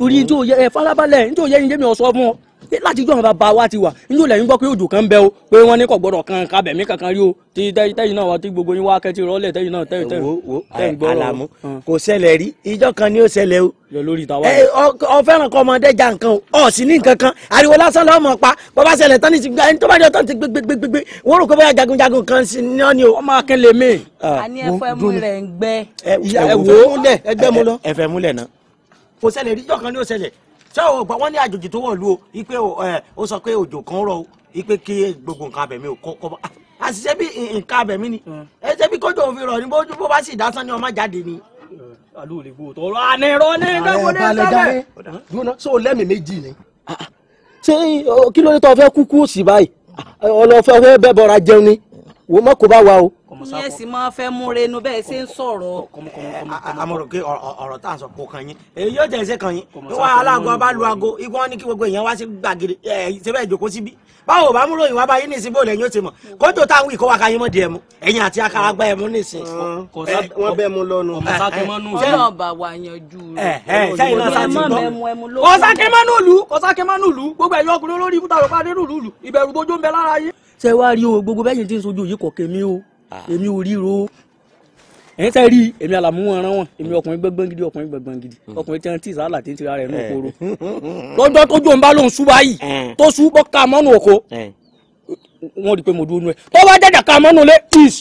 torí ní tí yẹ ẹ farabalẹ̀ ní tí yẹ ẹyin jẹ́mi ọ̀ fún ọ láti jọ́ àwọn bàbá wa ti wà nínú ilẹ̀ yín gbọ́ pé òjò kan bẹ́ o pé wọ́n ní kò gbọ́dọ̀ kan kabẹ̀mí kankan rí o ti tẹ́yìn náà wá tí gbogbo yín wá kẹ́tì rọ́lẹ̀ tẹ́yìn náà tẹ́yìn tẹ́yìn. wo wo Àlàmú kò ṣẹlẹ̀ rí ìjọ kan ni ó ṣẹlẹ̀ o. lórí ìta wa. ẹ kọ́ ọmọdé ja nǹkan o ọ sì ní nǹkan kan ariwo lásán lọ́wọ́ mọ̀ pa bàbá ṣẹlẹ̀ tán ní ti kan sí o. ọmọ ṣé o gbọ́ wọ́n ní àjòjì tó wọ̀lú o ipe o sọ pé òjò kan rọ o ipe kí gbogbo nǹkan abẹ̀mí o kọ́ kọ́ àṣìṣe bí nǹkan abẹ̀mí ni hmm. ẹ ṣe bí kójú òfin rọ̀ ni bó bá sì dásán ni ọmọ jáde ni alo le gbó tọrọ anẹrọ ní dágbọdẹ sábẹ. dúró so lẹ́mìí méjì ni. Ah, ah. ṣé kí ló dé tó fẹ́ kúkú sí báyìí ah, ọlọ́fẹ́ fẹ́ bẹ́ bọ́ra jẹun ni wò má kó bá wa o kọmọsáfọ. yẹ́sì máa fẹ́ mú renu bẹ́ẹ̀ ṣe ń sọ̀rọ̀. àmọ̀rò pé ọ̀rọ̀ tá à ń sọ kò kàn yín èyí yóò jẹ́ iṣẹ́ kàn yín wá aláàgọ́ bá lu aago ikú wọn ní kí gbogbo èèyàn wá sí gbàgede ẹ̀ ṣe bẹ́ẹ̀ jókòó síbí báwo bá múròyìn wá bá yín nìsín bó lẹ́yìn ó ti mọ̀ kótó tá à ń wí kó wá káyín mọ́ di ẹ̀mú ẹ̀yìn àti akara gbá ẹ̀mú nìsín. wọ́n bẹ́ mu lọ́nu. kọ̀ọ̀sákẹ́mọ́nù lù gbogbo ẹ̀yọ́ ọkùnrin olórí ibùdó àròpá adé lù lù ìbẹ̀rù bójú ń bẹ lára yín ṣe wá rí o gbogbo bẹ́yìn tí ń sojú yìí kò kémi o èmi ò ríro ẹ̀yin tẹ́ rí èmi àlàmú wọn rán wọn èmi ọkùnrin gbẹ́gbẹ́n gidi ọkùnrin gbẹ́gbẹ́n gidi hmm. ọkùnrin tí wọ́n ti sàálà tí ń tira rẹ̀ nù eh. kóró lọ́jọ́ tó jò ń bá lóun súbà yìí eh. tó súbọ́ ká mọ́nù oko eh. wọ́n rí i pé mo dúró nù ẹ̀ tó bá jẹ́jà ká mọ́nù lé tíìs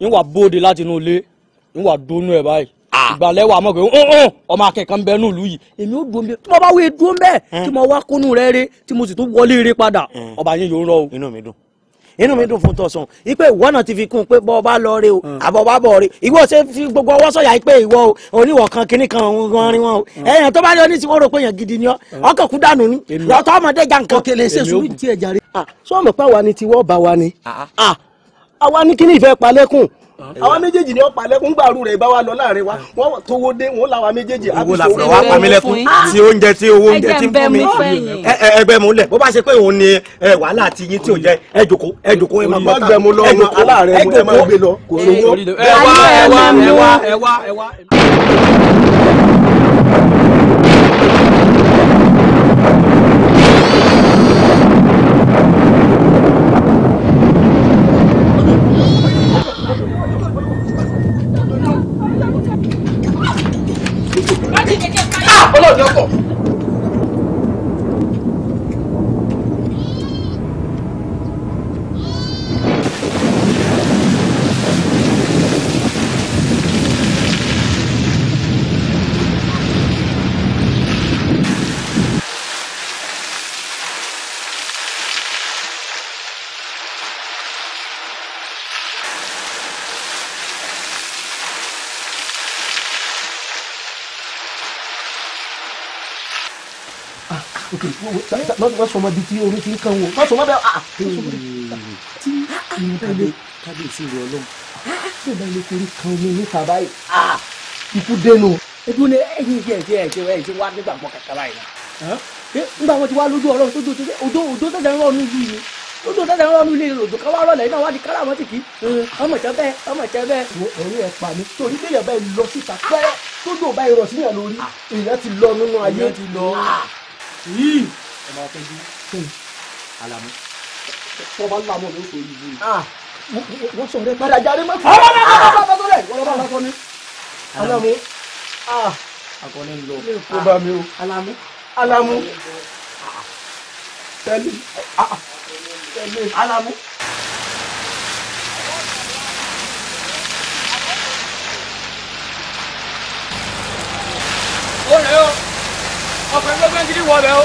ń wà bóde láti inú ilé ń wà dónú ẹ̀ báyìí ah. ìgbàlẹ̀ wà mọ̀ pé ọmọ akẹ́kọ̀ọ́ ń bẹ nù lù yìí èmi ò dúró ń bẹ tí mo bá wé dúró ń bẹ tí mo wá kúnnú rẹ rẹ tí mo sì tún wọlé rẹ padà ọba yín yóò rọ o. inú mi dùn inú mi dùn fún tọ̀sán ipe ìwọ náà ti fi kún un pé bọ́ ọba lọ re o hmm. àbọ̀ ọba bọ̀ re ìwọ ṣe fi gbogbo ọwọ́ sọ̀yà ipe ìwọ o oníwọ̀ kan kinní kan òun gan rin wọn o hmm. ẹ̀yàn tó bá rí oníṣìí wọn rò pé èèyàn gidi ni ọ hmm. ọkàn kú dànù ni lọ́tọ́ ọmọdé jà nǹkan. òkèlè ṣe sùúrù tí ẹ jàre. sọ́ọ̀mù ah, pàwa ni tiwọ́ bá wa ni ah, ah. àwa ní kíní ìfẹ́ palẹ́kùn àwa méjèèjì ni wọn pa lẹ́kùn gbàrú rẹ ìbáwá lọ láàrin wa wọn tówó dé wọn làwa méjèèjì àbí sọ wọn. owó pamí lẹ́kùn ah. tí oúnjẹ tí owó oúnjẹ tí fún mi ẹgbẹ́ mu lẹ̀ bó bá ṣe pé òun ni wàhálà ti yín tí ò jẹ ẹ jòkó ẹ máa gbọ́ ká ẹ jòkó ẹ ẹ wá ẹ wá ẹ wá ẹ wá. má sọ ọmọ di tí orí ti ń kàn wò ah! sọ ọmọ bẹ́ẹ̀ ah. tí ìyẹn kábíyèsí rẹ ọlọ́run ṣé ìbá ilé torí kan omi níta báyìí ah ikú dénú. ikú ni ẹyin ìjẹ ìjẹ ìjẹ ẹ ti wá nígbàgbọ́ kàkà báyìí nígbà wọn ti wá lójú ọ̀rọ̀ tó tó odó odó tẹsán rọ ní ìlú yìí odó tẹsán rọ ní ilé ìròdò ká wá rọlẹ náà wá di káràmọ ti kì í ọmọ ìtẹ bẹ́ẹ̀ ọmọ ìtẹ bẹ́ẹ̀. orí ẹ pa mi torí bẹyẹ bẹ́ẹ̀ lọ síta pẹrẹ tó dò báyìí rọ síyàn lórí èèyàn ti lọ nínú ayé. ti lọ ah! ẹ máa tọ́jú alamu. tọ́ba lamọ ló sọ ìlú yìí. wọ́n sọ rẹ padà jáde má fi. ọlọ́run bá bá sọ́lẹ̀ wọ́n bá lọ́kọ́ ni. alamu akọni ń lọ. kó bá mi o. alamu. alamu. tẹ́lẹ̀ tẹ́lẹ̀. alamu. ó rẹ̀ ó ọkọ̀ ẹgbẹ́ bẹ́ńkì ni wọ́n rẹ̀ ó.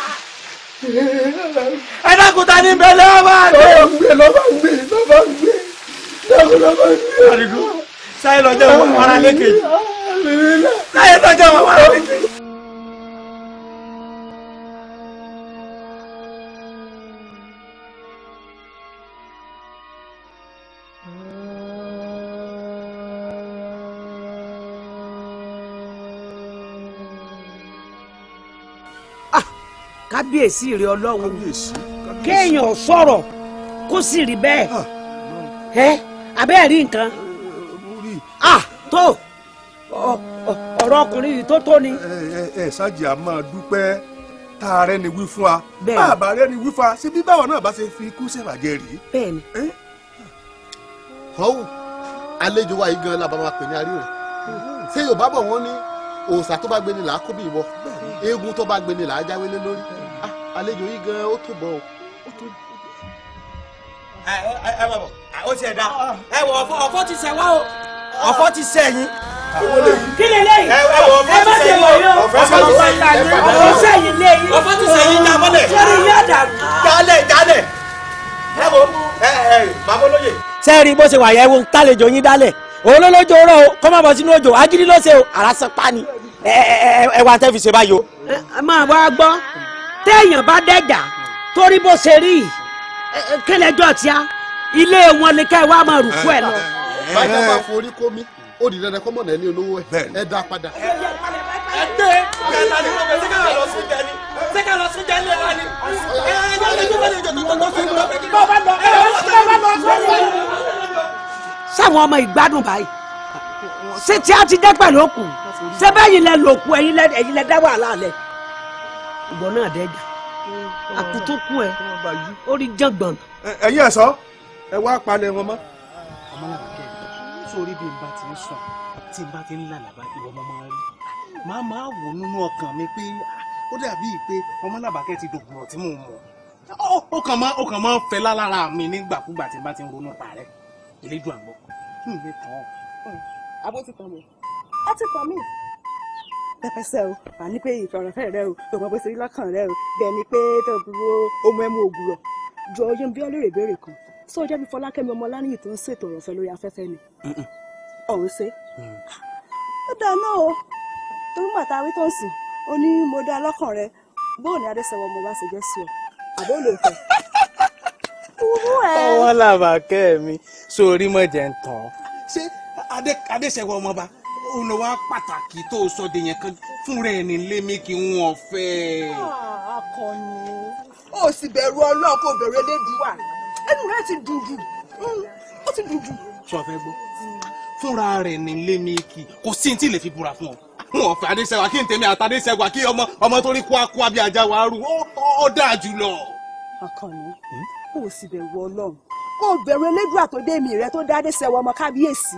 ẹ dákun ta ní bẹ́ẹ̀ lọ́wọ́ àgbẹ̀. lọ́wọ́ ń gbé lọ́wọ́ ń gbé lọ́wọ́ ń gbé lọ́wọ́ ń gbé. àdìgún sáyé lọ́jọ́ wọn ara lékejì sáyé lọ́jọ́ wọn wọ́n ara lékejì. kábíyèsí rẹ ọlọ́run kéèyàn sọ̀rọ̀ kó sì rí bẹ́ẹ̀ ah. ẹ abẹ́ẹ̀ rí nǹkan ah tó ọ̀rọ̀ ọkùnrin yìí tó tó ni. ẹ eh, ẹ eh, ṣáàjì a máa dúpẹ́ tá a rẹ́ni wí fún wa bá a bá rẹ́ni wí fún wa ṣé bí báwọn náà bá ṣe fi ikú ṣèbàjẹ́ rí. bẹ́ẹ̀ni. ọ̀hún àlejò wa yìí gan la bá máa pè ní arí rẹ̀ ṣé yorùbá bọ̀ wọ́n ní òòṣà tó bá gbé ni làá kó bí ìwọ eégún tó bá gbé ni làá jáwé lé lórí àlejò yìí gan ó tó bọ̀ ó tó. ẹ ẹ bọ̀ ó ti ẹ̀ dá ah, ah. ẹ wọ ọ̀fọ̀ ti sẹ̀ wá o ah. ọ̀fọ̀ ti sẹ̀ yín kí lè lẹ́yìn ẹ bá tẹ wọ yọ ọ̀fọ̀ ti sẹ̀ yín ọ̀fọ̀ ti sẹ̀ yín lẹ́yìn ọ̀fọ̀ ti sẹ̀ yín dá mọ́lẹ̀ sórí yóò dàrú. jalè jalè ẹ wo ẹ ẹ bàbá olóye. sẹ́ẹ̀rì bó ṣe wà yẹ wo tálejò yín dálẹ̀ òun ló lójó rọ o kọ́ má bọ̀ sínú òjò agídí ló ṣe o àràsán pa ni ẹ ẹ ẹ wà á tẹ́ fi ṣe báyìí o. ẹ máa wá gbọ́ téèyàn bá dẹ̀dà torí bó ṣe rí kílẹ̀jọ́ tíá ilé wọn ni ká ẹ wá máa rù fún ẹ lọ. báyọ̀ bá forí kó mi ó di dandan kọ́mọ̀ náà ní olówó ẹ ẹ dá padà. ẹ gbé kẹta ni wọn fẹ́ ṣé ká lọ sún jẹ ni ṣé ká lọ sún jẹ lé wa ni. ẹ ẹ ní ọjọ́ ìjọba ìjọ tó tó sún lọ. bọ́ọ̀ bá lọ ẹ ẹ bá lọ sún lọ. sáwọn ọmọ ìgbádùn báyìí ṣé tí a ti dẹ́ pẹ̀lú òkú ṣé bẹ́ẹ̀ yìí lẹ lòkù ẹ̀yin lẹ dá wàhálà lẹ ìwọ náà dẹ́jà àkútó kú ẹ ó rí jàngbọ̀n. ẹ̀yin ẹ̀sọ́ ẹ wá palẹ̀ wọn mọ́. ọmọ làwọn kẹ́hìn sórí bí n bá ti ń sùn tí n bá ti ń làlàbà ìwọ ọmọ máa rí màá máa wò nínú ọkàn mi pé ó dàbí pé ọmọ làbàkẹ́ ti dògùn ọ̀tí mò ń mọ̀ ó kàn máa ó kàn máa ń fẹ́ lára mi nígbàkúgbà tí n bá ti ń ronú pa rẹ̀ ìlẹ́jọ́ àgbọ̀ kí n lè tàn àbó ti tàn mí. a ti tàn mí pẹpẹsẹ o wà ní pé ìfọ̀rọ̀fẹ́ rẹ o tó mọ bó ṣe rí lọ́kàn rẹ o bẹ́ẹ̀ ni pé tó dúró ohun ẹmu ògùrọ̀ jọ oyé bí ọlẹ́rè béèrè kan tí jẹ́ bí fọlákẹ́mi ọmọláníyì tó ń ṣètò ọ̀rọ̀ fẹ́ lórí afẹ́fẹ́ ni ọ̀hún ṣe. Mm. ó dáa o torí màtá wítọ̀sì ó ní mo dá lọ́kàn rẹ bóò ní adéṣẹ́wọ̀ mo bá ṣe jẹ́ sí ọ àbó òun lọ wá pàtàkì tó o sọ de yẹn kan fúnra ẹni lémi kí n wọn fẹ́. Ah, akọni o sì bẹ̀rù ọlọ́run kò bẹ̀rù elédìí wà ẹnu rẹ ti dùdù hmm, ó ti dùdù. sọ fẹ́ gbọ́ fúnra rẹ̀ ní lémi kí kò sí tí lè fi búra fún ọ wọn fẹ́ adéṣẹwà kí n tèmi àtàdéṣẹwà kí ọmọ ọmọ tó rí kúákúá bí ajá wàá rú ó dáa jùlọ. akọni hmm? kò sì bẹ̀rù ọlọ́run kò bẹ̀rù elédùà tó dé mi rẹ tó dá adéṣẹwà ọmọ kábíyèsí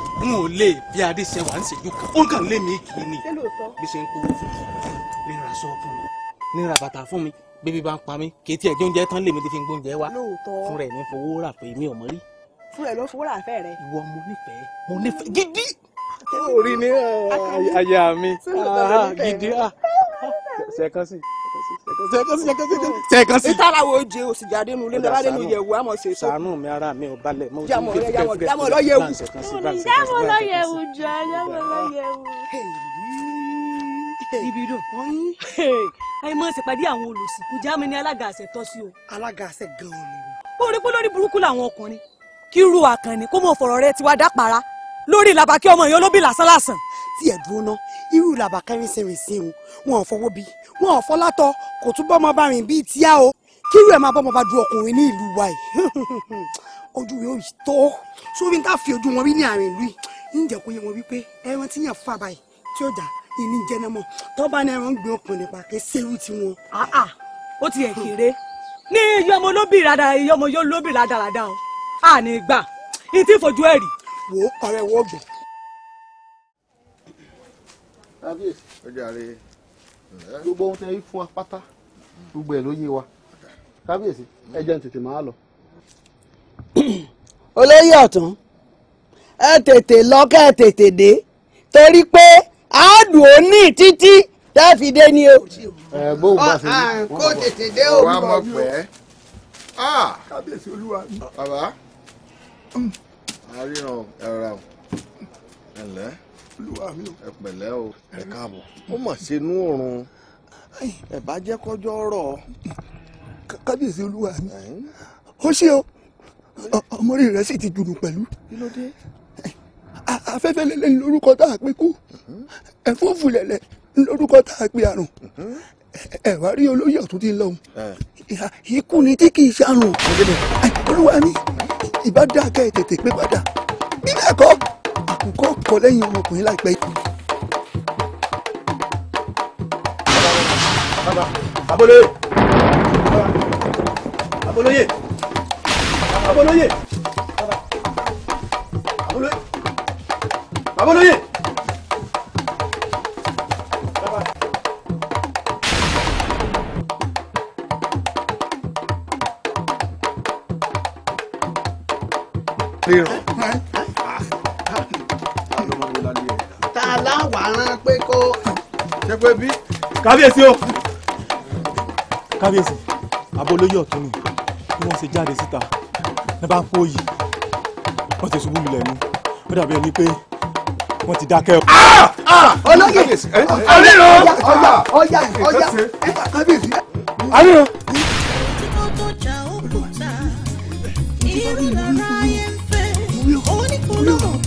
n ò lè bí adé ṣe wà ń ṣèjú kan ó kàn lé mi kì í ni bí ṣe ń kówó fún mi nira sọ fún mi nira bàtà fún mi bébí bá ń pa mí kì í tiẹ̀ jóúnjẹ tán lèmi ti fi ń gbóúnjẹ wá fún rẹ̀ ní fowó rà pé mi ò mọ̀ rí. fún ẹ ló fowó rà fẹ́ rẹ. ìwọ mo nífẹ̀ẹ́ mo nífẹ̀ẹ́ gidi. orí ni àyà mi ah, gidi ah. ṣẹ̀kan sí i sẹ́ẹ̀kan sí. ìtara wo je o sì jáde nu lẹ́nu alẹ́ nu yẹ̀wò àmọ̀ ṣe tó. ṣàánú mi ara mi ò balẹ̀ mo ti fi kẹ́kẹ́ kẹ́kẹ́ jámọ̀ lọ yẹ̀wò. jámọ̀ lọ yẹ̀wò jọ jámọ̀ lọ yẹ̀wò. ibi dò ẹ mọ̀ ṣèpàdé àwọn olùsìnkú Jámánì alága àṣẹ tọ́ sí o. alága àṣẹ gan-an ni. ó rí pé lórí burúkú làwọn ọkùnrin kí irú àkànní kó mọ̀ fọ̀rọ̀ rẹ ti wá dápara lórí làbàkẹ́ ọmọ yẹn olóbì lásán lásán. tí ẹ̀ dúró ná irú làbàkẹ́rin ṣe rìn sí òun wọn ò fọwọ́ bíi wọn ò fọlátọ kò tún bọ́mọ bá rìn bíi tíá o kírú ẹ̀ máa bọ́mọ bá du ọkùnrin ní ìlú wa yìí ojú yóò yìí tó sórí ń tá fi ojú wọn rí ní àárín ìlú yìí ń jẹ́ kó yẹ wọn wípé ẹran tí yàn fà báyìí tí ó dà ìní jẹnẹmọ tó bá ní ẹran ń gbé ọkùnrin nípa kí sẹ́rù ti wọn. ó ti ẹ̀ kéré ní iye ọmọ olóbìnrin rada iye ọmọ yóò lóbìnrin radarada o àní gbà ní tí ìfojú ẹ̀ rí. wo ọ̀rẹ́ wọ́ọ̀gbọ̀n. kábíyèsí ó jàre gbogbo ohun tẹ yí fún wa pátá gbogbo ẹ̀ ló yé wa kábíyèsí ẹ jẹ́ n tètè máa lọ. olóyè ọ̀tún ẹ tètè lọ kẹ́ ẹ tètè dé torí pé àádùn òní títí tá a fi dé ní o. ẹ bóun bá ṣe ní ah, ah, kó tètè dé òun bọ̀ bí o. kábíyèsí olúwa mi. bàbá àríran ẹ̀rọ ẹ̀lẹ́ olúwa mi o. ẹ pẹ̀lẹ́ o ẹ káàbọ̀ ó mà ṣe inú oorun ẹ bá jẹ́ kọjọ́ rọ̀. kábíyèsí olúwa mi ó ṣe o ọmọrí rẹ sì ti dùnú pẹ̀lú. afẹ́fẹ́ lélẹ̀ ní lórúkọ tá a pè kú ẹ̀fọ́fù lẹ̀lẹ̀ ní lórúkọ tá a pè àrùn ẹ wá rí olóyè ọ̀tún tí ń lọ́hùn ikú ni tí kì í ṣàrùn olúwa mi ìbá dáa kẹ́ ẹ tètè pé padà bí bẹ́ẹ̀ kọ́ kó kọ lẹ́yìn ọmọkùnrin láìpẹ́. abolóye abolóye abolóye abolóye abolóye. láwàá rán pé kó. ṣé pé bí. kábíyèsí o kábíyèsí abolóyè ọ̀tún ni bí wọ́n ṣe jáde síta ní bá ń kó wọ́n ti ṣubú lulẹ̀ ni ó dàbí ẹni pé wọ́n ti dákẹ́ o. Ah! Ah! olóyè àríro ọjà ọjà kábíyèsí. àríro. irú lọ́la yẹn fẹ́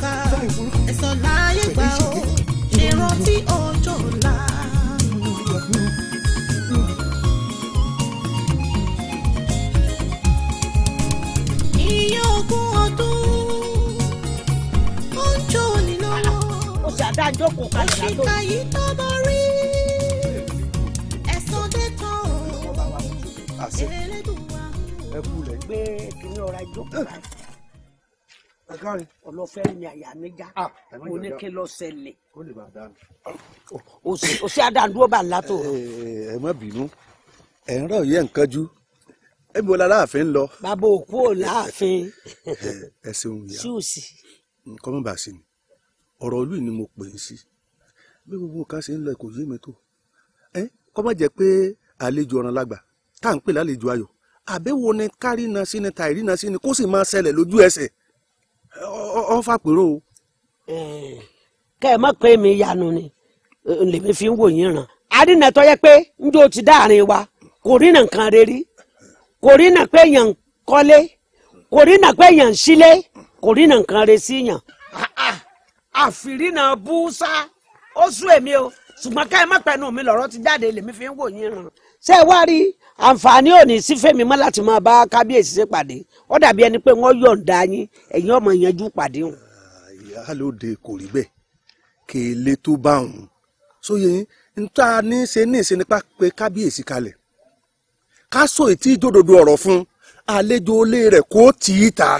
ká jókòó ká lọ́la tó. òṣìkà yìí tó bọ́ rí ẹ̀sán dé tán o elédùnmá. ẹ kú lẹ gbé kíní ọ̀rá jókòó láti ọlọfẹ ni àyà mi já ah, mo ní kí lọ ṣẹlẹ̀ o ṣe adanduwo bá ń látò. Eh, eh, ẹ má bínú ẹ ń rọ yẹ nǹkan jù ẹbí wọn láàfin ń lọ. bàbá òkú ò láàfin. Eh, ẹ ṣeun yà ṣùsì. nǹkan mọ̀ bá a ṣe ni. ọ̀rọ̀ olú ni mo pè é sí bí gbogbo ká ṣe ń lọ kò yé mi tó ẹ kọ́ má jẹ́ pé àlejò ọ̀ràn lágbà tá à ń pè lálejò ayọ̀ àbẹ̀wò ni kárí na sí ni tàìrí na sí ni kó sì máa ṣẹlẹ̀ lójú ẹsẹ̀ ọ fàpérò. kẹ́ ẹ má pé mi yanu ni lèmi fi ń wò yín ràn àrínàtọ́ yẹ pé njó ti dáàrin wa kò rí nǹkan rere kò rí nà pé èèyàn ń kọ́lé kò rí nà pé èèyàn sílé kò rí nǹkan rere sí yàn àfìrí náà bú sá ó èmi o ṣùgbọ́n ká ẹ má pẹ́nu mi lọ́rọ́ ti jáde lèmi fi ń wò yín ràn. ṣé ẹ wá rí àǹfààní òní sí fèmí mọ́ láti máa bá kábíyèsí ṣe pàdé ó dàbí ẹni pé wọ́n yọ̀ǹda yín ẹ̀yin ọmọ ìyanjú pàdé kò rí le tó bá òun sóye ń ta ní ṣe ní ìṣe nípa pé kábíyèsí kalẹ̀ ká sọ ètí ìjódodo fún àlejò rẹ kó tì ta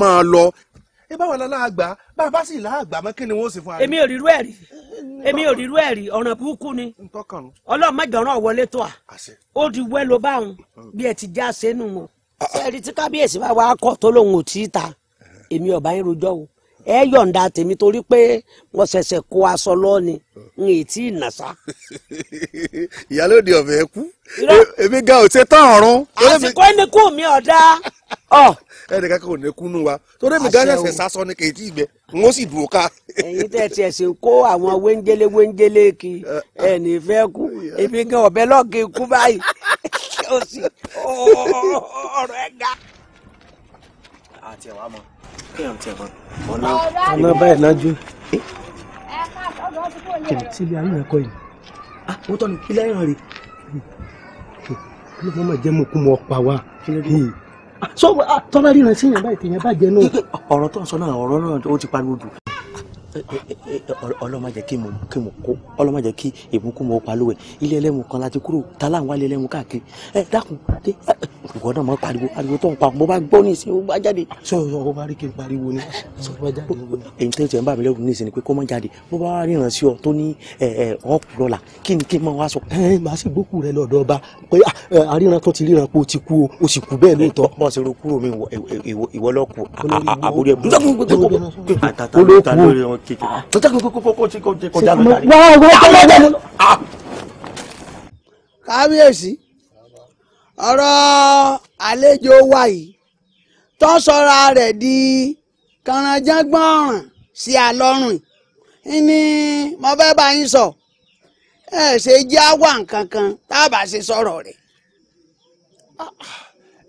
máa lọ ẹ bá wà láàgbà bá a bá sì láàgbà mọ́ kí ni wọ́n sì fún wa. èmi ò rírú ẹ̀ rí èmi ò rírú ẹ̀ rí ọ̀ràn burúkú ni ọlọ́run mẹ́jọ̀ràn wọlé tó a ó di wẹ́ ló bá wọn mm. bí ẹ ti já sẹ́nu wọn. sẹ́ẹ̀rì tí kábíyèsí bá wà á kọ́ tó lòun ò tí ì ta èmi ọ̀bá yín rojọ́ o ẹ yọ̀ǹda tèmi torí pé mo ṣẹ̀ṣẹ̀ kó aṣọ lọ́ọ̀ni n ì tí ì nà sá. ìyálòdì ọ̀fẹ́ kú èmi ga ò ṣe tán ọ̀run. àsìkò ẹni kú mi ọ̀dà ọ̀ ẹnìkan kò ní kúnú wa torí mi gánà ẹsẹ̀ sásọ ni kèétí ìgbẹ́ n ó sì dùn ká. ẹ̀yin tẹ tiẹ̀ sì kó àwọn wéńjẹlé wéńjẹlé kí ẹnì fẹ́ kú ibi gan ọ̀bẹ lọ́ọ̀kì kú báyìí ó sì ọ̀rọ̀ ẹ̀ ga. àti ẹ̀wà ọ̀nà báyìí lájú kìlì tí ilé ayé ẹ̀kọ́ yìí ah wọ́n tọ́ ni ilé ayé rẹ̀ kí ló fọ́ mọ̀ jẹ́ mọ̀ kú mọ̀ pa wá sọ ah, tọ́lá ríran sí yàn báyìí tèèyàn bàjẹ́ náà. ọ̀rọ̀ tó ń sọ náà ọ̀rọ̀ náà ó ti pariwo jù ọlọ́mọ jẹ́ kí mo kí mo kó ọlọ́mọ jẹ́ kí ìbùkún mo palo lówẹ̀ ilé ẹlẹ́mu kan láti kúrò ta láwọn wá ilé ẹlẹ́mu káàkiri ẹ dákun dé ìwọ náà mọ pariwo ariwo tó ń pa mo bá gbọ́ ní ìsìn bá jáde. sọ yọ ọ bá rí kí n pariwo ni sọ bá jáde ni. èyí tó tiẹ̀ ń bà mí lẹ́rù ní ìsìn ni pé kó mọ́ jáde bó bá wá ríran sí ọ tó ní ọ̀pù lọ́la kí ni kí n máa wá sọ. ẹ màá sì gbókù rẹ lọ́dọ̀ ọba pé àríran tó ti ríran pé o ti kú o o sì kú bẹ́ẹ̀ lóòótọ́. bọ́ọ̀ sẹ́rọ kúrò mi ìwọ lọ́kù àbúrò ẹ̀ kékeré ah. tó jẹ́ kó kó kó kó kó jáde jáde. wá wá wá jáde ah. kábíyèsí ọ̀rọ̀ àlejò wa yìí tó sọra rẹ̀ di kànáńjàngbọ̀nràn sí àlọ́rùn ni mo fẹ́ bá yín sọ ẹ ṣe jẹ́ àwa nǹkan kan tá a bá ṣe sọ̀rọ̀ rẹ̀.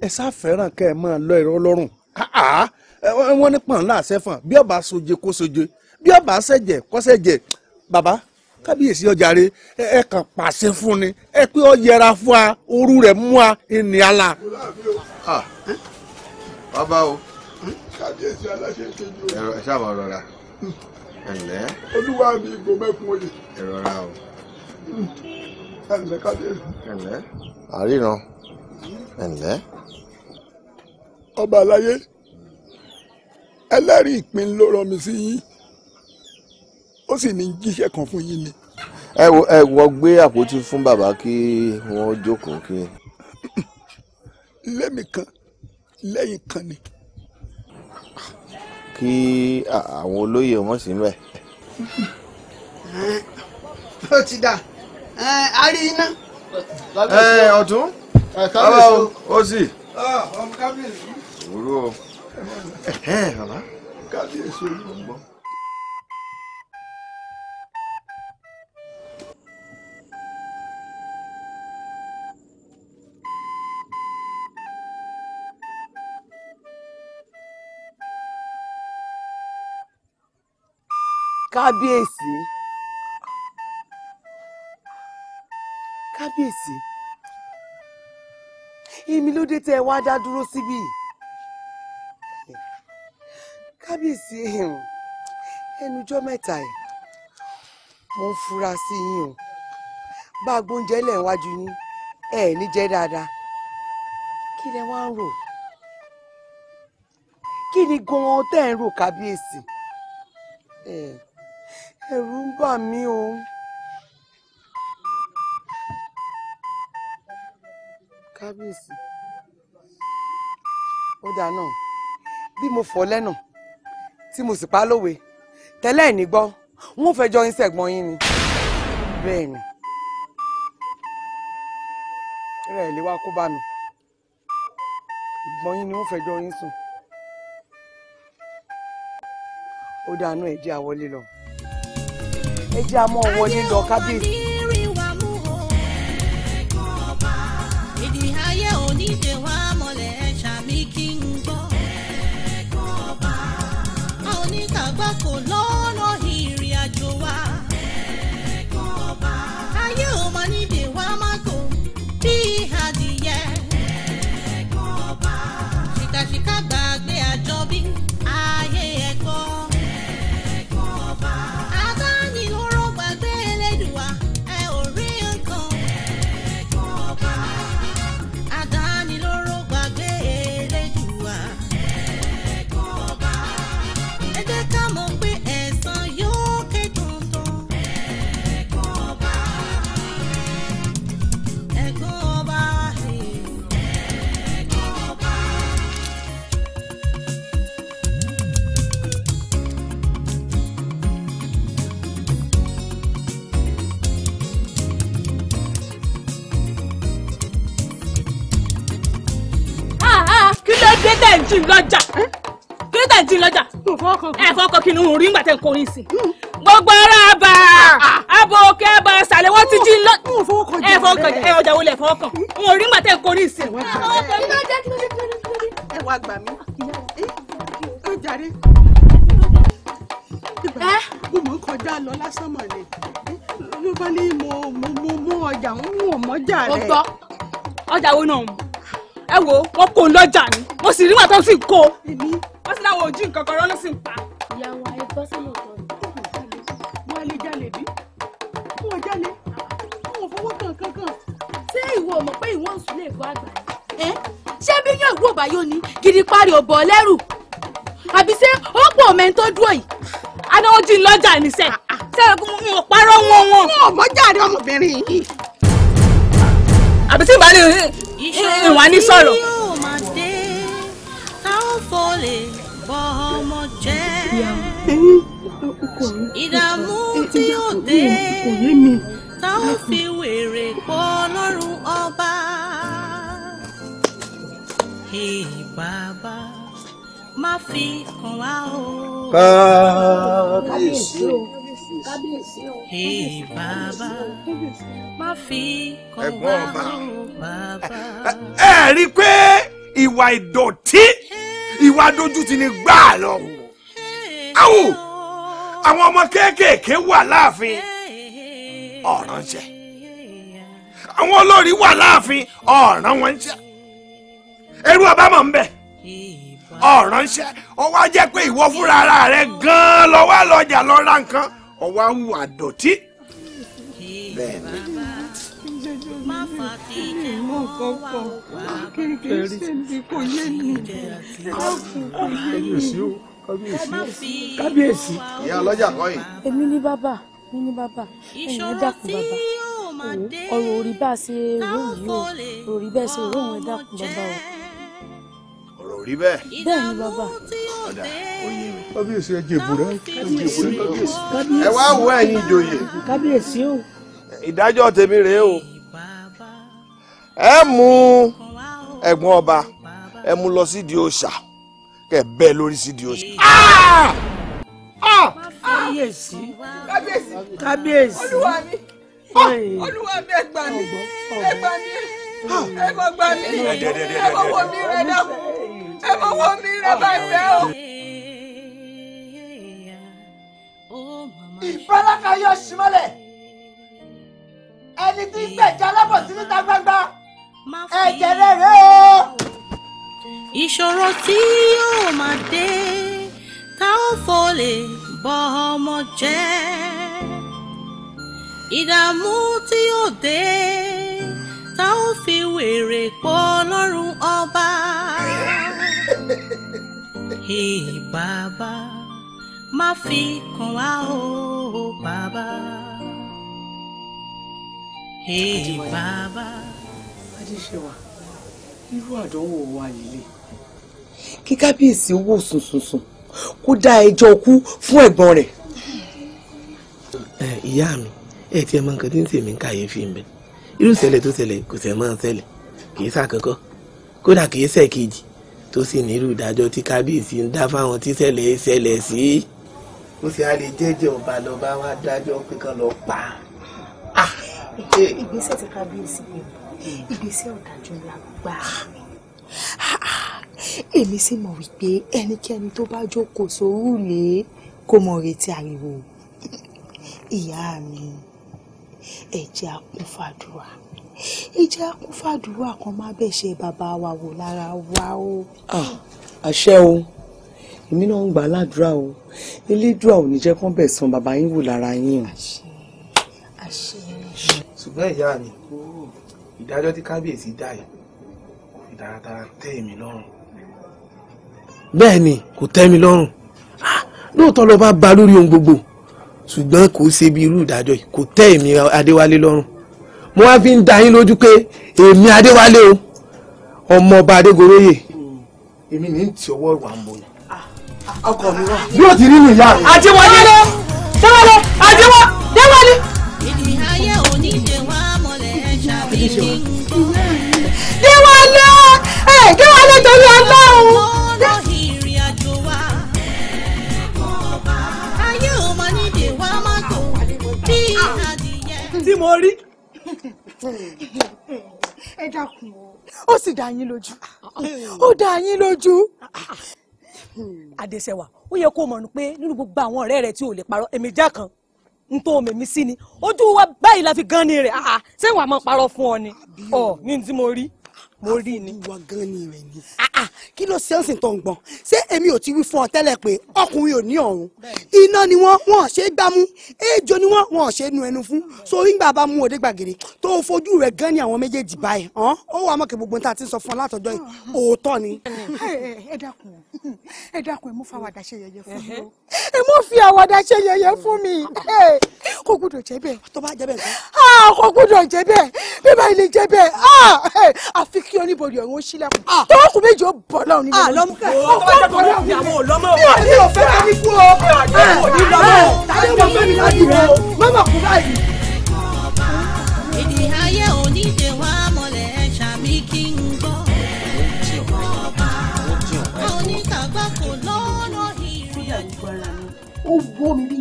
ẹ sáfẹ́ràn kẹ́ ẹ máa lọ ẹ̀rọ lọ́rùn ah, wọ́n ní pọ̀n láàṣẹ fún bí ọba soje kó soje bí ọba ṣẹ̀jẹ̀ kọ́ṣẹ̀jẹ̀ baba kábíyèsí ọjàre ẹ kàn pàṣẹ fún ni ẹ pé ọ yẹra fún a òru rẹ̀ mú a ènìyàn ala. bàbá o kábíyèsí aláṣẹ kejì o. ẹ̀rọ ẹ sábà rọra ẹ̀lẹ́. olúwa mi ìgò mẹ́kun oyè. ìrora o. ẹ̀lẹ́ kábíyèsí. ẹ̀lẹ́. àríran ẹ̀lẹ́. ọba àlàyé ẹlẹ́rìí ìpín ló rọ mi sí yín ó sì ní jíṣẹ́ kan fún yín ni. ẹ wo ẹ wọ gbé àpótí fún bàbá kí wọ́n jókòó kí. lẹ́mìí kan lẹ́yìn kan ni. kí àwọn olóyè wọn sì ń bẹ. ó ti dà á rí iná. ọ̀tún bàbá o ó sì. ọmọ kábíyèsí. òwúrò o. ẹ ẹ bàbá. kábíyèsí olúwo ń bọ̀. kábíyèsí kábíyèsí èmi ló dé tẹ ẹ wá dá dúró síbí kábíyèsí ẹnujọ́ mẹ́ta ẹ̀ mo ń fura sí yín o bá a gbóúnjẹ lẹ̀ ń wájú yín ẹ ní jẹ́ dáadáa kí lẹ wá ń rò kí ni gan-an tẹ́ ń rò kábíyèsí ẹ̀rù ń bà mí o. kábíyèsí ó dáa náà bí mo fọ́ lẹ́nà tí mo sì pa lówe tẹ́lẹ̀ ẹ̀ ní gbọ́ wọ́n fẹ́ jọ yín sẹ̀gbọ́n yín ni bẹ́ẹ̀ ni rẹ̀ lè wá kó bá mi ìgbọ́n yín ni wọ́n fẹ́ jọ yín sùn ó dáa náà ẹ̀ jẹ́ àwọlé lọ ẹ jẹ́ àmọ́ wọlé lọ kábíyèsí. jí lọ́jà kí ló tẹ̀ jí lọ́jà ẹ fọkọ kí ni òun rí ńgbà tẹ̀ ń kọrin sí gbogbo ara àbà àbò òkè àbà ìsàlẹ̀ wọ́n ti jí lọ ẹ fọkọ ẹ ọjà wọlé ẹ fọkọ òun rí ńgbà tẹ̀ ń kọrin sí. ẹ wá gbà mí ẹ jàre mo mọ̀ ń kọjá lọ lásán mọ̀ ni ló bá ní mo mo mo ọjà ń wò mọ́jà rẹ̀. ọjà wo náà ẹ wo wọn kó lọ́jà ni mo sì rí wà tó sì kó wọn sì láwọn ojú nǹkan kan rán ló sì ń pa. ìyàwó ayé gbọ́ sílẹ̀ tó ń bọ̀ wọ́n lè jalè bí wọ́n jalè wọ́n fọwọ́ kàn kankan. ṣé ìwọ mọ̀ pé ìwọ ń sùn lè gbọ́ àgbà ẹ́ ṣé bí yàn ìwọ bá yóò ní gidi parí ò bọ̀ lẹ́rù àbí ṣé ó pọ̀ mẹ́ni tó dúró yìí. adáwọ́ jí lọ́jà níṣẹ́ ah, ah. ṣé mo parọ́ wọn wọn. wọn ò mọ jáde ọmọbìnrin yìí. àbí tí ìbálẹ̀ ìwà ní sọ̀rọ̀. yóò máa dé tá ó fò lè bọ́ ọmọ jẹ́ ìdààmú tí ó dé tá ó fi wèrè pọ̀ lọ́rùn ọba. Hey, bàbá má fi kàn wá o. kábíyèsí o kábíyèsí o. ee bàbá má fi kọ́ wá o bàbá. ẹ rí i pé ìwà ìdọ̀tí ìwà dójútì ni gbáà lọ. awo àwọn ọmọ kéékèèké wà láàfin ọ̀ràn jẹ àwọn olórí wà láàfin ọ̀ràn wọn jẹ ẹrú àbámọ̀ ń bẹ ọ̀ràn ṣẹ́ ọ wá jẹ́ pé ìwọ fúnra ara rẹ gan-an lọ wá lọ́jà lọ ra nǹkan ọwọ́ àwù àdọ̀tí. bẹ́ẹ̀ ni. mi mọ kọ́kọ́ kábíyèsí ìyá ọlọ́jà kọ́yìn. èmi ní bàbá mi ní bàbá ẹ̀yìn ẹ bàbá ọ̀rọ̀ orí bá a ṣe rò yìí o orí bẹ́ẹ̀ ṣe rò wọn ẹ bàbá o ò rí bẹ́ẹ̀. bẹ́ẹ̀ ni bàbá. ọ̀dà oyè mi. kábíyèsí ẹ jèbù rẹ kábíyèsí ẹ wá wọ ẹ̀yin ìjòyè. kábíyèsí o. ìdájọ́ tèmi rèé o. ẹ mú ẹ̀gbọ́n ọba ẹ mú lọ sídìí òòṣà kẹ bẹ́ẹ̀ lórí sídìí òòṣà. Ah! Ah! kábíyèsí kábíyèsí olúwa mi ah! olúwa mi ẹ gbà mí ẹ gbà mí ẹ kò gbà mí ẹ kò wọ mí rẹ dákun. Ever fọwọ́ mi rẹ bàjẹ́ o. ìfọlákà yóò ṣí mọ́lẹ̀ ẹni tí ń gbẹ̀jà alábọ̀sí níta gbangba ẹ̀jẹ̀ rẹ̀ rẹ̀ o. ìṣòro tí yóò máa dé tá ó fò lè bọ ọmọ jẹ́ ìdààmú tí yóò dé tá ó fi wèrè pọ̀ lọ́rùn ọba. Hey Baba, ma fi kàn wá Baba. bàbá. Hey bàbá. Adéṣewà, irú àdánwò wa líle. Kí kábíyèsí wò sùnsùnsùn kó dá ẹjọ́ kú fún ẹ̀gbọ́n rẹ̀. Ìyá mi, ẹ tiẹ̀ mọ nǹkan tí ń tèmi ń kàyéfì ń bẹ. Irú ìṣẹ̀lẹ̀ tó ṣẹlẹ̀ kò ṣẹ̀ máa ń ṣẹlẹ̀, kì í ṣàkọ́kọ́, kódà kì í ṣẹ̀ kejì tó sì nírú ìdájọ́ tí kábíyèsí ń dá fáwọn tí ṣẹlẹ̀ ṣẹlẹ̀ sí. ó sì á lè jẹ́jẹ́ ọba lọ́ba wá dájọ́ pé kán lọ pa. Ah! ìgbésẹ̀ tí kábíyèsí yẹn ìgbésẹ̀ ọ̀dájú la gbà. èmi sì mọ̀ wípé ẹnikẹ́ni tó bá jókòó sóòrù lé kó mọ̀ retí ariwo ìyá mi ẹ jẹ́ ẹ jẹ́ kún fàdúrà kan má bẹ́ẹ̀ ṣe bàbá wa wò lára wa o. Ah, àṣẹ o èmi náà ń gbà ládùúrà o elédùà ò ní jẹ́ kán bẹ̀ san bàbá yín wò lára yín o. ṣùgbọ́n ìyá mi ìdájọ́ tí kábíyèsí dá yìí kò fi taratara tẹ́ èmi lọ́rùn. bẹ́ẹ̀ ni kò tẹ́ mi lọ́rùn ah, lóòótọ́ ló bá ba lórí ohun gbogbo ṣùgbọ́n kò ṣe bí irú ìdájọ́ yìí kò tẹ́ èmi Adéwálé lọ́rùn mo wá fi ń da yín lójú pé èmi adéwálé o ọmọ ọba adégoróyè. èmi ní ti ọwọ́ ìwà ń bọ̀ ọkọ mi wá. bí o ti rí nìyá rẹ. adéwálé déwálé adéwá déwálé. déwálé ẹ déwálé torí ọlọ́run. tí mo rí ẹ dákun o ó sì dá yín lójú hmm. ó dá yín lójú àdèsẹwà hmm. ó yẹ kó mọ̀ ní pé nínú gbogbo àwọn ọ̀rẹ́ rẹ tí ò lè parọ́ èmi já kan n tó mèmí sí ni ojú wa báyìí la fi gan ni rẹ̀ ah, ah, ṣé wàá máa parọ́ fún ọ ni ọ ní tí mo rí mo rí ni. àfojúwa gan ni rẹ ni. Ah, ah, kí ló ṣe ń sìn tó ń gbọ́n ṣé èmi ò ti wí fún ọ tẹ́lẹ̀ pé ọkùnrin ò ní ọ̀run iná ni wọ́n wọ́n ṣe é gbámú ejò ni wọ́n wọ́n ṣe é nu ẹnu fún sórí ńgbà bá mú òde gbàgede tó fojú rẹ gan ni àwọn méjèèjì báyìí hàn ó wà mọ̀kẹ́ gbogbo nta ti sọ fún ọ látọjọ́ yìí ah, òótọ́ ni. ẹ dákun ẹ dákun ẹ mú fàwàdà ṣe yẹ̀yẹ́ fún mi ẹ mú fi àwàdà ṣe yẹ̀yẹ́ fún mi kò gbúdọ̀ jẹ́ bẹ́ẹ̀. tó bá jẹ́ bẹ́ẹ̀ kò gbúdọ̀ jẹ́ bẹ́ẹ̀ bí báyìí lè jẹ́ bẹ́ẹ̀ àfi kí oníbodè ọ̀hún ó ṣílẹ̀kùn ah. tọ́wọ́ kù méjì ó bọ̀ lọ́rùn nínú ìlú. Ah, àlọ́mú kẹ́ ọ́ bá jẹ́ torí ìyàwó lọ́mọ wa. mi ò fẹ́ ká ní kú o. mi ò jẹ́ kó ní lọ́mọ. Ah, tàbí mo fẹ́ mi láti rẹ mọ́mọ́ kú báyìí. èdè ayé òní dè wá mọ́lẹ̀ ṣàmì kí n gbọ́. oníkàgbà kò lọ́nà ìrìn àjò. ó wọ́ mi bí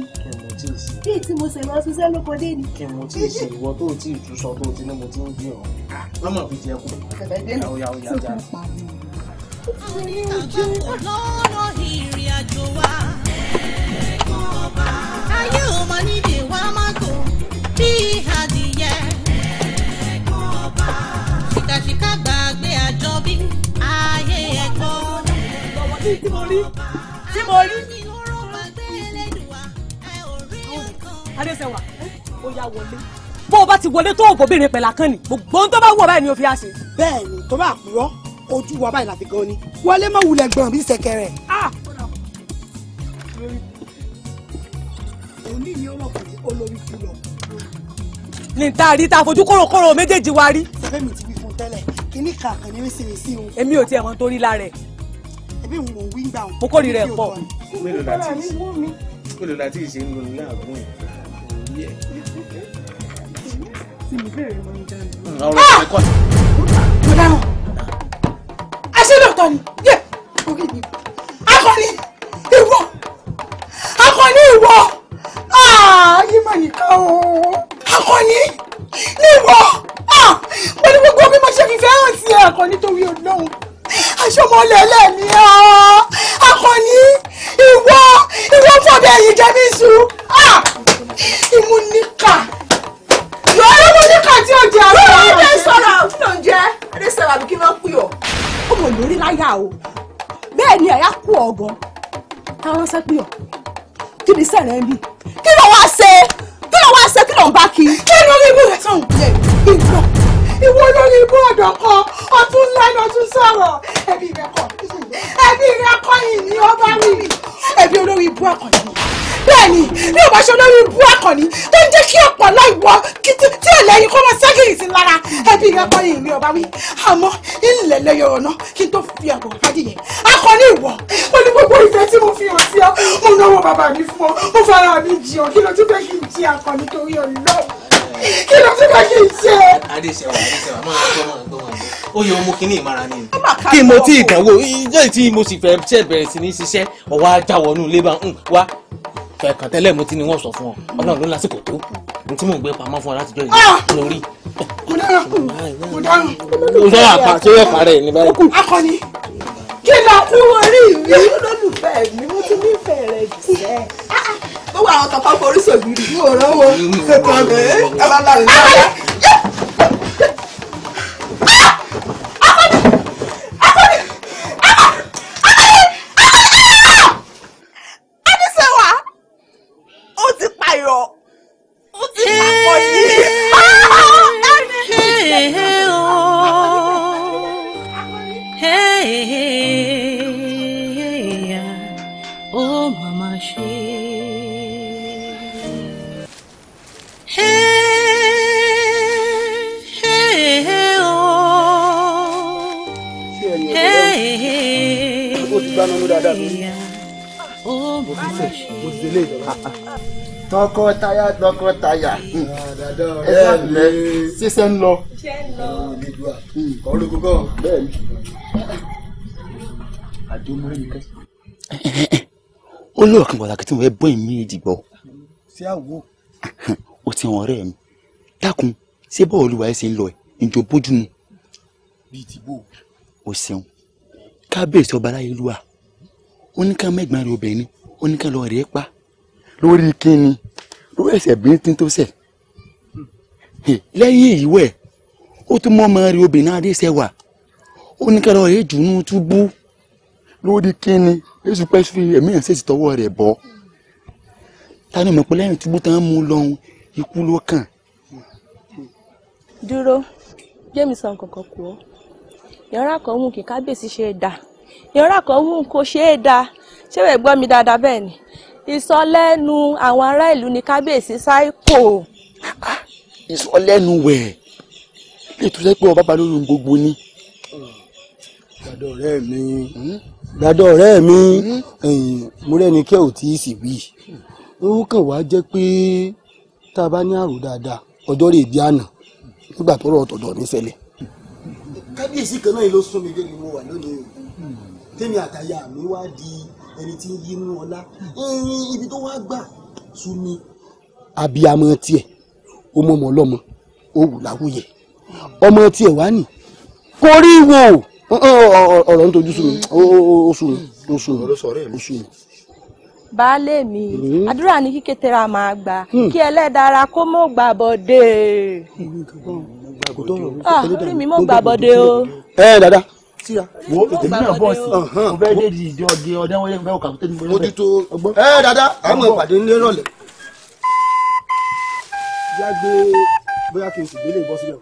bí tí mo ṣe lọ ṣiṣẹ́ lóko dé ni. kí mo ti ṣe ìwọ tó ti ìtú sọ tó ti ní mo ti ń gbé ọ wọn ah, fi jẹ kú tí mo rí tí mo rí. adéṣẹwà ó yá wọlé bó o bá ti wọlé tó o kò béèrè pẹ̀lá kan ni gbogbo ohun tó bá wù ọ báyìí ni o fi á ṣe. bẹ́ẹ̀ni tó bá purọ́ ojú wa báyìí láti gan ni wọlé má wulẹ̀ gbọ̀n bí ṣẹ̀kẹ̀rẹ̀. Ah! òní ni ọmọ kò ní olórí kú lọ. ní ta rí ta fojú kórókóró méjèèjì wa rí. sẹfẹ mi ti wí fún tẹ́lẹ̀ kíní kàkàn ní mísìrì sí o. èmi ò tiẹ̀ mọ̀ torí la rẹ̀. ẹbí mi wí gbà mo kórìíra ẹ̀ pọ̀. mélòó la ti ṣe ń lò ní àgbo yìí yẹ. Mm, ọ̀rọ̀ ah! ìwé kọ́ ni. mo dáhùn aṣẹ́lọ̀tọ̀ ni yẹ orí mi akọni ìwọ akọni ìwọ yìí mà go. o akọni ìwọ ah! mo ní gbogbo mi mo ṣe fìfẹ́ hàn sí you torí I show ọmọ ọlẹ́lẹ́. lẹ́yìn ọ̀rọ̀ náà kí n tó fi àbọ̀ pàdé yẹn akọni ìwọ ó ní gbogbo ìfẹ́ tí mo fi hàn sí ọ mo náwó bàbá mi fún ọ mo fara mi jì ọ kí ló tún fẹ́ kí n jí akọni torí ọlọ́run kí ló tún fẹ́ kí n jẹ. adéṣẹ́wà adéṣẹ́wà máa ń gbọ́mọ̀ gbọ́mọ̀ ó yẹ ọmọ kìíní ìmara ni. kí mo tí ì dánwò ìjọ́ tẹ́lẹ̀ mo ti ni wọ́n sọ fún ọ ọlọ́run ló lásìkò tó ní tí mò ń gbé pamọ́ fún ọ látijọ́ yìí ah! lórí mo dáhùn. mo àpá tí yóò parẹ́ ní báyìí. akọni kí ló kú orí mi olólùfẹ́ mi mo ti nífẹ̀ẹ́ rẹ̀ jù sẹ́ ah, ah. gbogbo àwọn tọkọ forí sògiri yóò rán wọn ṣe kàn ẹ bá láàrin náà tọkọtaya tọkọtaya ẹ lẹ ṣiṣẹ ń lọ. Hmm, ó lóò kan pàtàkì tí mo fẹ́ bọ́ ìmí èjì gbọ́. ṣé àwò. o ti hàn ọ̀rẹ́ mi dákun ṣé bọ́ọ̀lù wa ẹ̀ ṣe ń lọ ẹ̀ njó bójú mu. bíi ti bò. o ṣeun kábíyèsí ọba aláyélúwà oníkà mẹ́gbàá rẹ̀ obìnrin oníkà lọ́ọ́ rẹ̀ pa lórí kíni lórí ẹsẹ̀ bíntín tó ṣẹ̀ lẹ́yìn èyí wẹ̀ ó tún mọ́ ọmọ rẹ̀ obìnrin adéṣẹ́wà ó ní kẹ́rọ rẹ̀ jùnú túbú lórí kíni èsù pẹ́ fi ẹ̀mí ẹ̀ ń ṣèṣì tọwọ́ rẹ̀ bọ́ tani mọ̀ pé lẹ́yìn túbú tán mú lọ́hùn ikú ló kàn. dúró jameson kankan kù ọ́ yàrá kan wù kí kábíyèsí ṣe é dáa yàrá kan wù kó ṣe é dáa ṣé wẹ́ẹ́ gbọ́ mi dáadáa bẹ́ẹ̀ ni ìsọlẹ́nu àwọn ará ìlú ni kábíyèsí sáìkò. ìsọlẹ́nu wẹ̀ lè tó jẹ́ pé ọba balógun gbogbo ni. dàdọ ọ̀rẹ́ mi dàdọ hmm? ọ̀rẹ́ mi múrẹ́ni hmm? kẹ́ ò tí ì sì wí ó kàn wá jẹ́ pé tá a bá ní àrò dáadáa ọjọ́ rè bí àná nígbà tó rọ̀ ọ̀tọ̀dọ̀ ní ṣẹlẹ̀. kábíyèsí kan náà ló sún mi dé ni mo wà lónìí tèmi àtàyà mi wá di ẹni tí ń yínú ọlá ibi tó wá gbà sú mi. abiyamọ tiẹ̀ ó ọmọ ọlọ́mọ ó ọmọ tiẹ̀ wá nì kò rí wò ń tojú sú ó sú ó sú ó sú baálé mi àdúrà ní kíkẹ́ tẹ́ra máa gbà kí ẹlẹ́dàá kó mọ̀ gbàbọ̀dé orí mi mọ̀ gbàbọ̀dé o. ẹ dada síra. wo èdè náà bọ̀ sí mo fẹ́ dé di ìdí ọdẹ ọdẹ wọn yẹn fẹ́ kà tó ní bọ́lá. mo ti to ọgbọ́n. ẹ dada àwọn ìpàdé ń lé rọlẹ̀. yá gbé bóyá kí n sì gbélé ìbọn sílẹ̀ o.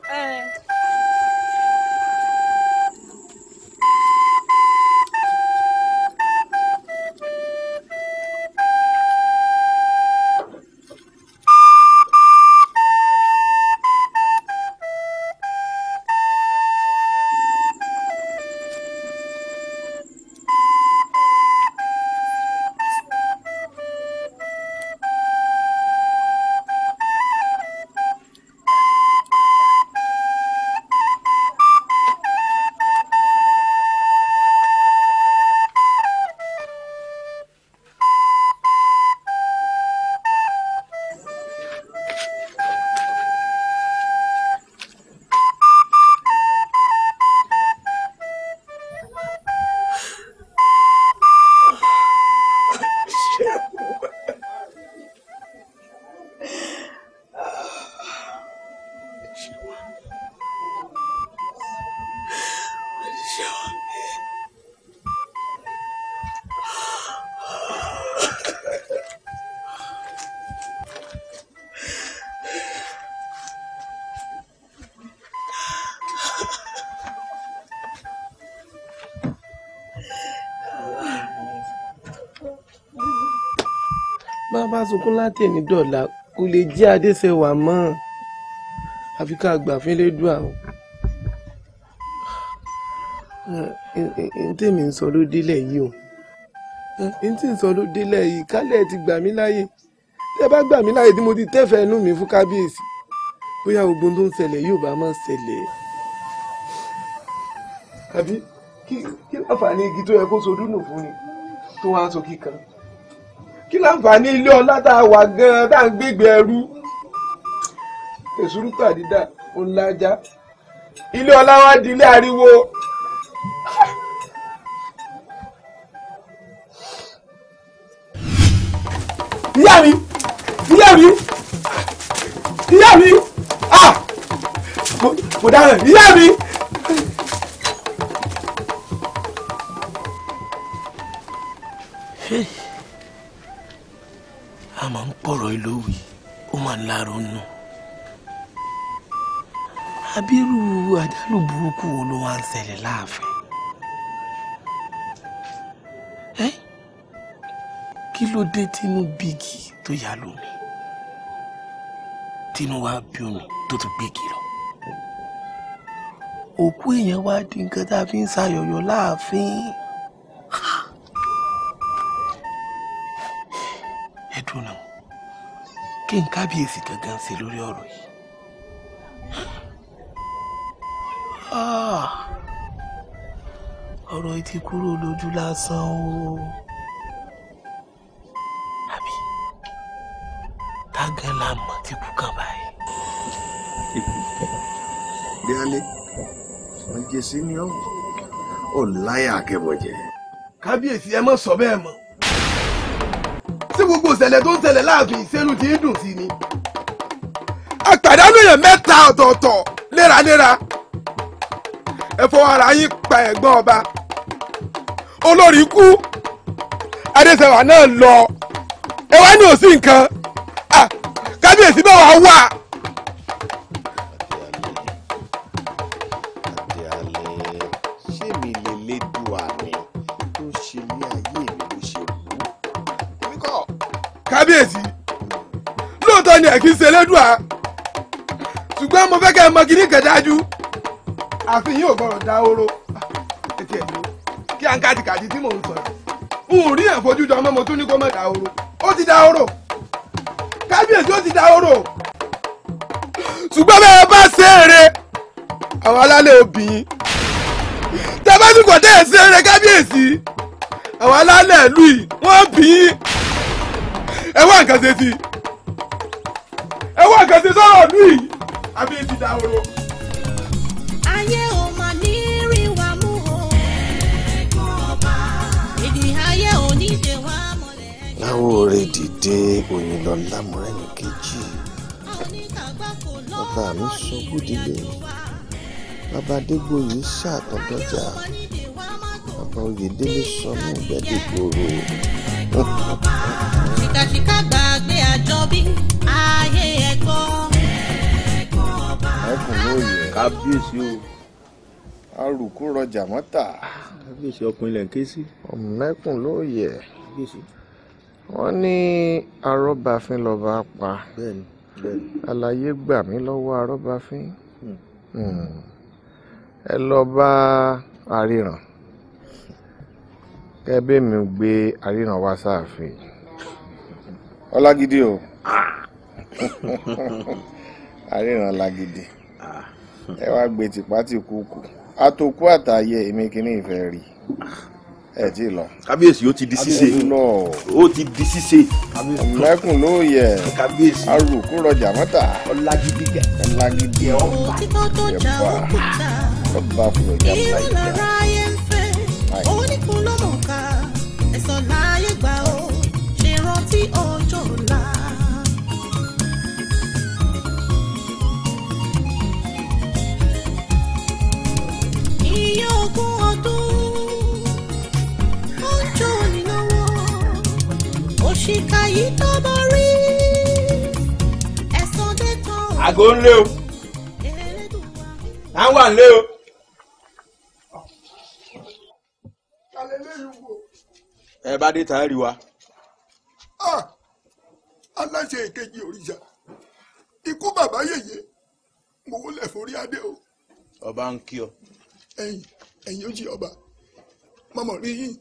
sunkún látẹ̀ní dọ̀là kò lè jí adéṣẹ́wà mọ́ àfi ká gbà fẹ́lẹ́dùà o n tèmi ń sọ ló délẹ̀ yìí o n tí ń sọ ló délẹ̀ yìí kálẹ̀ ti gbà mí láyè tẹ bá gbà mí láyè tí mo ti tẹ́fẹ̀ẹ́ inú mi fún kábíyèsí bóyá ogun tó ń ṣẹlẹ̀ yóò bá máa ṣẹlẹ̀ àbí kí láǹfààní igi tó yẹ kó sodúnù fún ni tó wá sọ kíkan kí láǹfààní ilé ọlá tá a wà gan-an tá a ń gbégbé ẹrú èsúrú pàdídà ńlájà ilé ọlá wa di ilé ariwo. ìyá mi ìyá mi ìyá mi ah mo dáhùn ìyá mi. àjálù burúkú wo ló wá ń ṣẹlẹ̀ láàfin ẹ kí ló dé tínú bígì tó yà lómi tínú wa eh? bí omi tó tún gbégi lọ òkú èèyàn wá di nǹkan tá a fi ń ṣàyọ̀yọ̀ láàfin ẹ náà kí n kábíyèsí gangan ṣe lórí ọ̀rọ̀ yìí. Ah! ọ̀rọ̀ yìí ti kúrò lójú lásán o àbí tágàn la mọ̀ tí kú kàn báyìí. díálé wọn jẹ sí ní ọwọ́ ò láyà akẹbọjẹ. kábíyèsí ẹ má sọ bẹ́ẹ̀ mọ́ tí gbogbo ìṣẹ̀lẹ̀ tó ń ṣẹlẹ̀ láàfin ìṣẹ́nu ti ń dùn sí ni. àpàdánù èèyàn mẹ́ta ọ̀tọ̀ọ̀tọ̀ léraléra ẹ fọwọ́ ara yín pa ẹ̀gbọ́n ọba olórí kú adéṣẹ́wà náà lọ ẹ wá ní òsì nǹkan kábíyèsí bá wà wà. kábíyèsí lóòótọ́ ni ẹ̀kí ń ṣe lédùá ṣùgbọ́n mo fẹ́ kẹ́ ẹ mọ kíní kẹ̀dájú àfin yìí ò gbọ́dọ̀ dá oró ah, etí ẹ̀ ló kí à ń ká tí mò ń sọ n ò rí ẹ̀ fojú ọmọ mo tún ní kó má dá oró ó ti dá oró kábíyèsí ó ti dá oró ṣùgbọ́n bẹ́ẹ̀ bá ṣe eré àwọn alálẹ̀ obìnrin tẹ́bátùkọ̀ tẹ́ ẹ̀ ṣe eré kábíyèsí àwọn alálẹ̀ ìlú yìí wọ́n bí ẹ wá nǹkan ṣe sí ẹ wá nǹkan ṣe sọ̀rọ̀ ìlú àbí ti dá oró láwòrè dìde òyìnlọ́lá mọ́rẹ́nì kejì bàbá mi ṣubú dìde bàbá adégbòye ṣàtọ̀dọ́jà bàbá oyèdélé sọ ní ìgbẹ́dẹ̀gbòrò. ṣìkàṣìkà gbàgbé àjọbí ayé ẹ̀kọ́. ẹkùn lóye kábíyèsí o arùkú rọjà mọ́tà. kábíyèsí ọkùnrin lẹ̀ ń ké sí. ọ̀mùmẹ́kùn ló yẹ. kábíyèsí. wọ́n ní arọ́bàfin lọ́ba pa. bẹ́ẹ̀ni bẹ́ẹ̀ni. àlàyé gbà mí lọ́wọ́ arọ́bàfin. Hmm. Hmm. ẹ lọ bá àríran kẹ́bí mi gbé àríran wá sáàfin. ọlágídí o àríran lágídí ah. ẹ wá gbé tìpátìkúkù atokú àtàyè èmi kìíní ìfẹ́ rí ẹ ti lọ. kábíyèsí ó ti di ṣíṣe ó ti di ṣíṣe. ọ̀lẹ́kùn ló yẹ arùkú rọjà mọ́ta ọ̀làgídí gẹ̀ ọ̀làgídí ẹ̀ ọ̀pá ẹ̀ bá ọ̀pá fún ọjà mọ́ta ìjà. èyí tó mọ rí ẹ̀sán dé kan o. àgò ń lé o à ń wà ń lé o. ẹ bá dé tá a rí wa. Ah, aláṣẹ ìkejì òrìṣà ikú bàbá yèyé mo wúlẹ̀ forí adé o. ọba ń kí ọ. ẹ̀yin ẹ̀yin ó ọba mọmọ rí yín.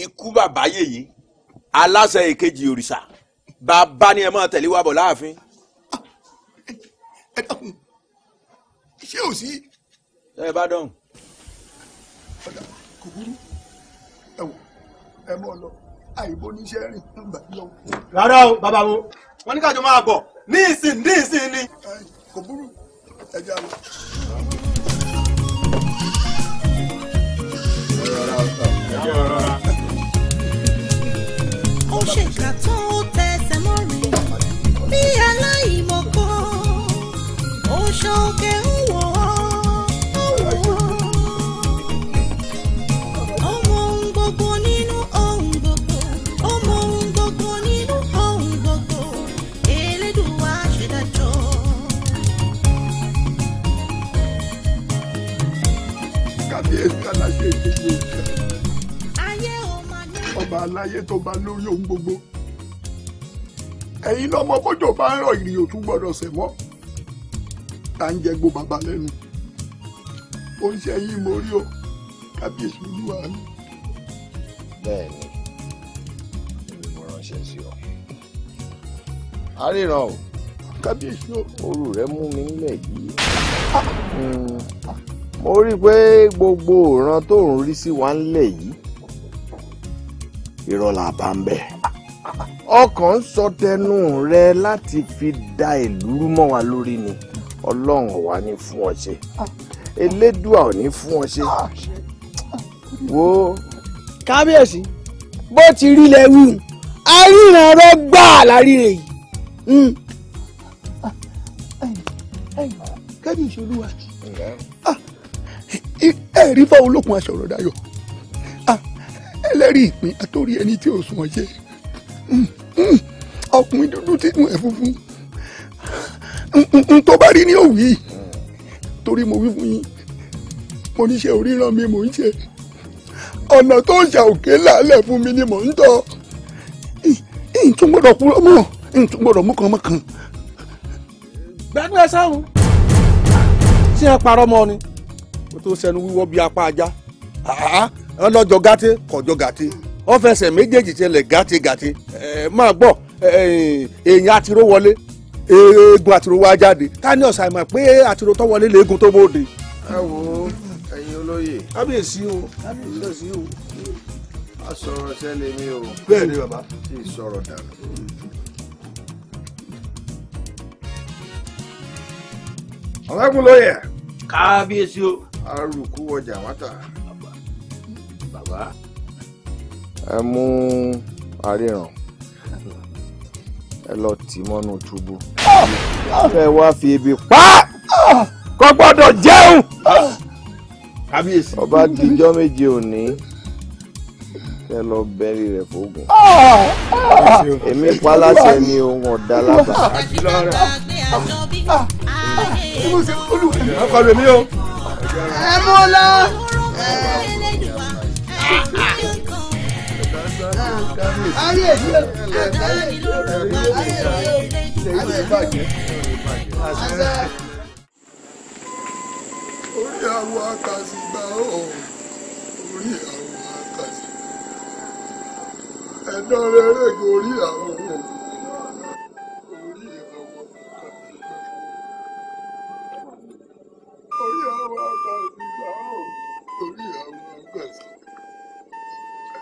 ikú bàbá yèyé aláṣẹ èkejì òrìṣà bàbá ni ẹ máa tẹ̀lé wa bọ̀ láàfin. ẹ dákun ṣé ò sí. ẹ bá dọ̀hùn. kò burú ẹ wò ẹ mọ lọ àìbó níṣẹ́ rìn nígbà yọ. rárá o bàbá wo wọn ní kájọ máa bọ̀ ní ìsìn ní ìsìn ni. kò burú ẹ jẹ́ àwọn. Yeah, yeah, yeah ó ṣèkà tán ó tẹsẹ̀ mọ́rin bí aláìmọ̀kan ó ṣọ́ọ̀kẹ́ ń wọ̀ ọ́ ó wọ̀ ọ́. Yes, God, I should do ọba aláyé tó bá lórí ohun gbogbo ẹ̀yin lọ́mọ bójò bá ń rọ̀ ìrìn òtún gbọ́dọ̀ sẹ̀ mọ́ tá ń jẹ gbó bàbá lẹ́nu ó ń ṣe yín mo rí o kábíyèsí olúwa mi. bẹ́ẹ̀ni mo ránṣẹ́ sí ọ àríran o kábíyèsí o òru rẹ mú mi nílẹ̀ yìí hmm. mo rí i pé gbogbo ìran tó ń rí sí wa ńlẹ̀ yìí irọ́ là bá ń bẹ̀. ọkàn ń sọ tẹnu rẹ láti fi da ìlú mọ́ wa lórí ni ọlọ́run ọ̀wá ní fún ọ ṣe elédùà ò ní fún ọ ṣe wo. kábíyèsí bó ti rí lẹ wí aríran rẹ gbà láríre yìí. Hmm. kábíyèsí olúwa ẹ̀rí ah, fáwọn olókun aṣọ̀rọ̀ dayọ̀ ẹlẹ́rìí ìpín àtòrí ẹni tí ò sùn ọ̀jẹ́ hmm, hmm, ọkùnrin dúdú tí mú ẹ funfun n hmm, tó bá rí ní òwì torí mo wí fún yín mo ní ṣe oríran mi mò ń ṣe ọ̀nà tó ń ṣà òkè làálẹ̀ fún mi ni mò ń tọ́ n tún gbọ́dọ̀ kúrò mọ́ n tún gbọ́dọ̀ mú kan mọ́ kan. gbẹ́nu ẹ sáwọn ṣé ẹ parọ́ mọ́ ni o tó sẹnu wíwọ́ bíi apá ajá ọlọ́jọ́ gàtẹ́ kọjọ́ gàtẹ́ ó fẹsẹ̀ méjèèjì tẹlẹ̀ gàtẹ́ gàtẹ́ ẹ máa gbọ́ èèyàn àtiró wọlé eegun àtiró wá jáde ká ní ọ̀sán àìmọ̀ pé àtiró tó wọlé léegun tó bóde. ẹ wo ẹ̀yin olóye kábíyèsí o kábíyèsí o a sọ̀rọ̀ sẹ́lẹ̀ mi o bẹ́ẹ̀ ni bàbá ti sọ̀rọ̀ dànù. ọ̀làgùn lóye. kábíyèsí o. arúgbó ọjà wátà bàbá. ẹ mú àríran ẹ lọ tì mọ́nú túbú ẹ wá fi ibi pa kò gbọ́dọ̀ jẹun kábíyèsí. ọba tíjọ́ méje òní ẹ lọ bẹ́rí rẹ̀ fóògùn. èmi paláṣẹ ni ohun ọ̀dà lábà. ẹ mú lọ ayé mi orí àwọn akásígbà ó orí àwọn akásígbà ẹ̀dá rere gorí àwọn ọ̀rọ̀ orí àwọn akásígbà orí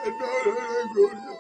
and not how I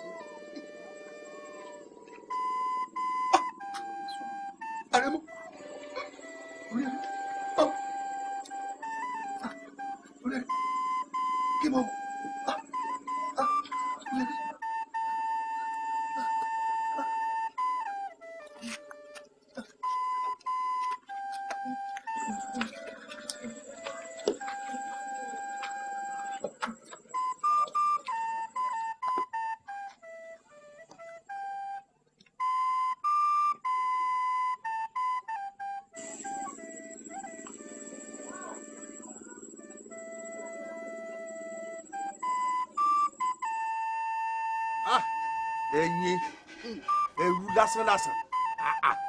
yín ẹrú lásán lásán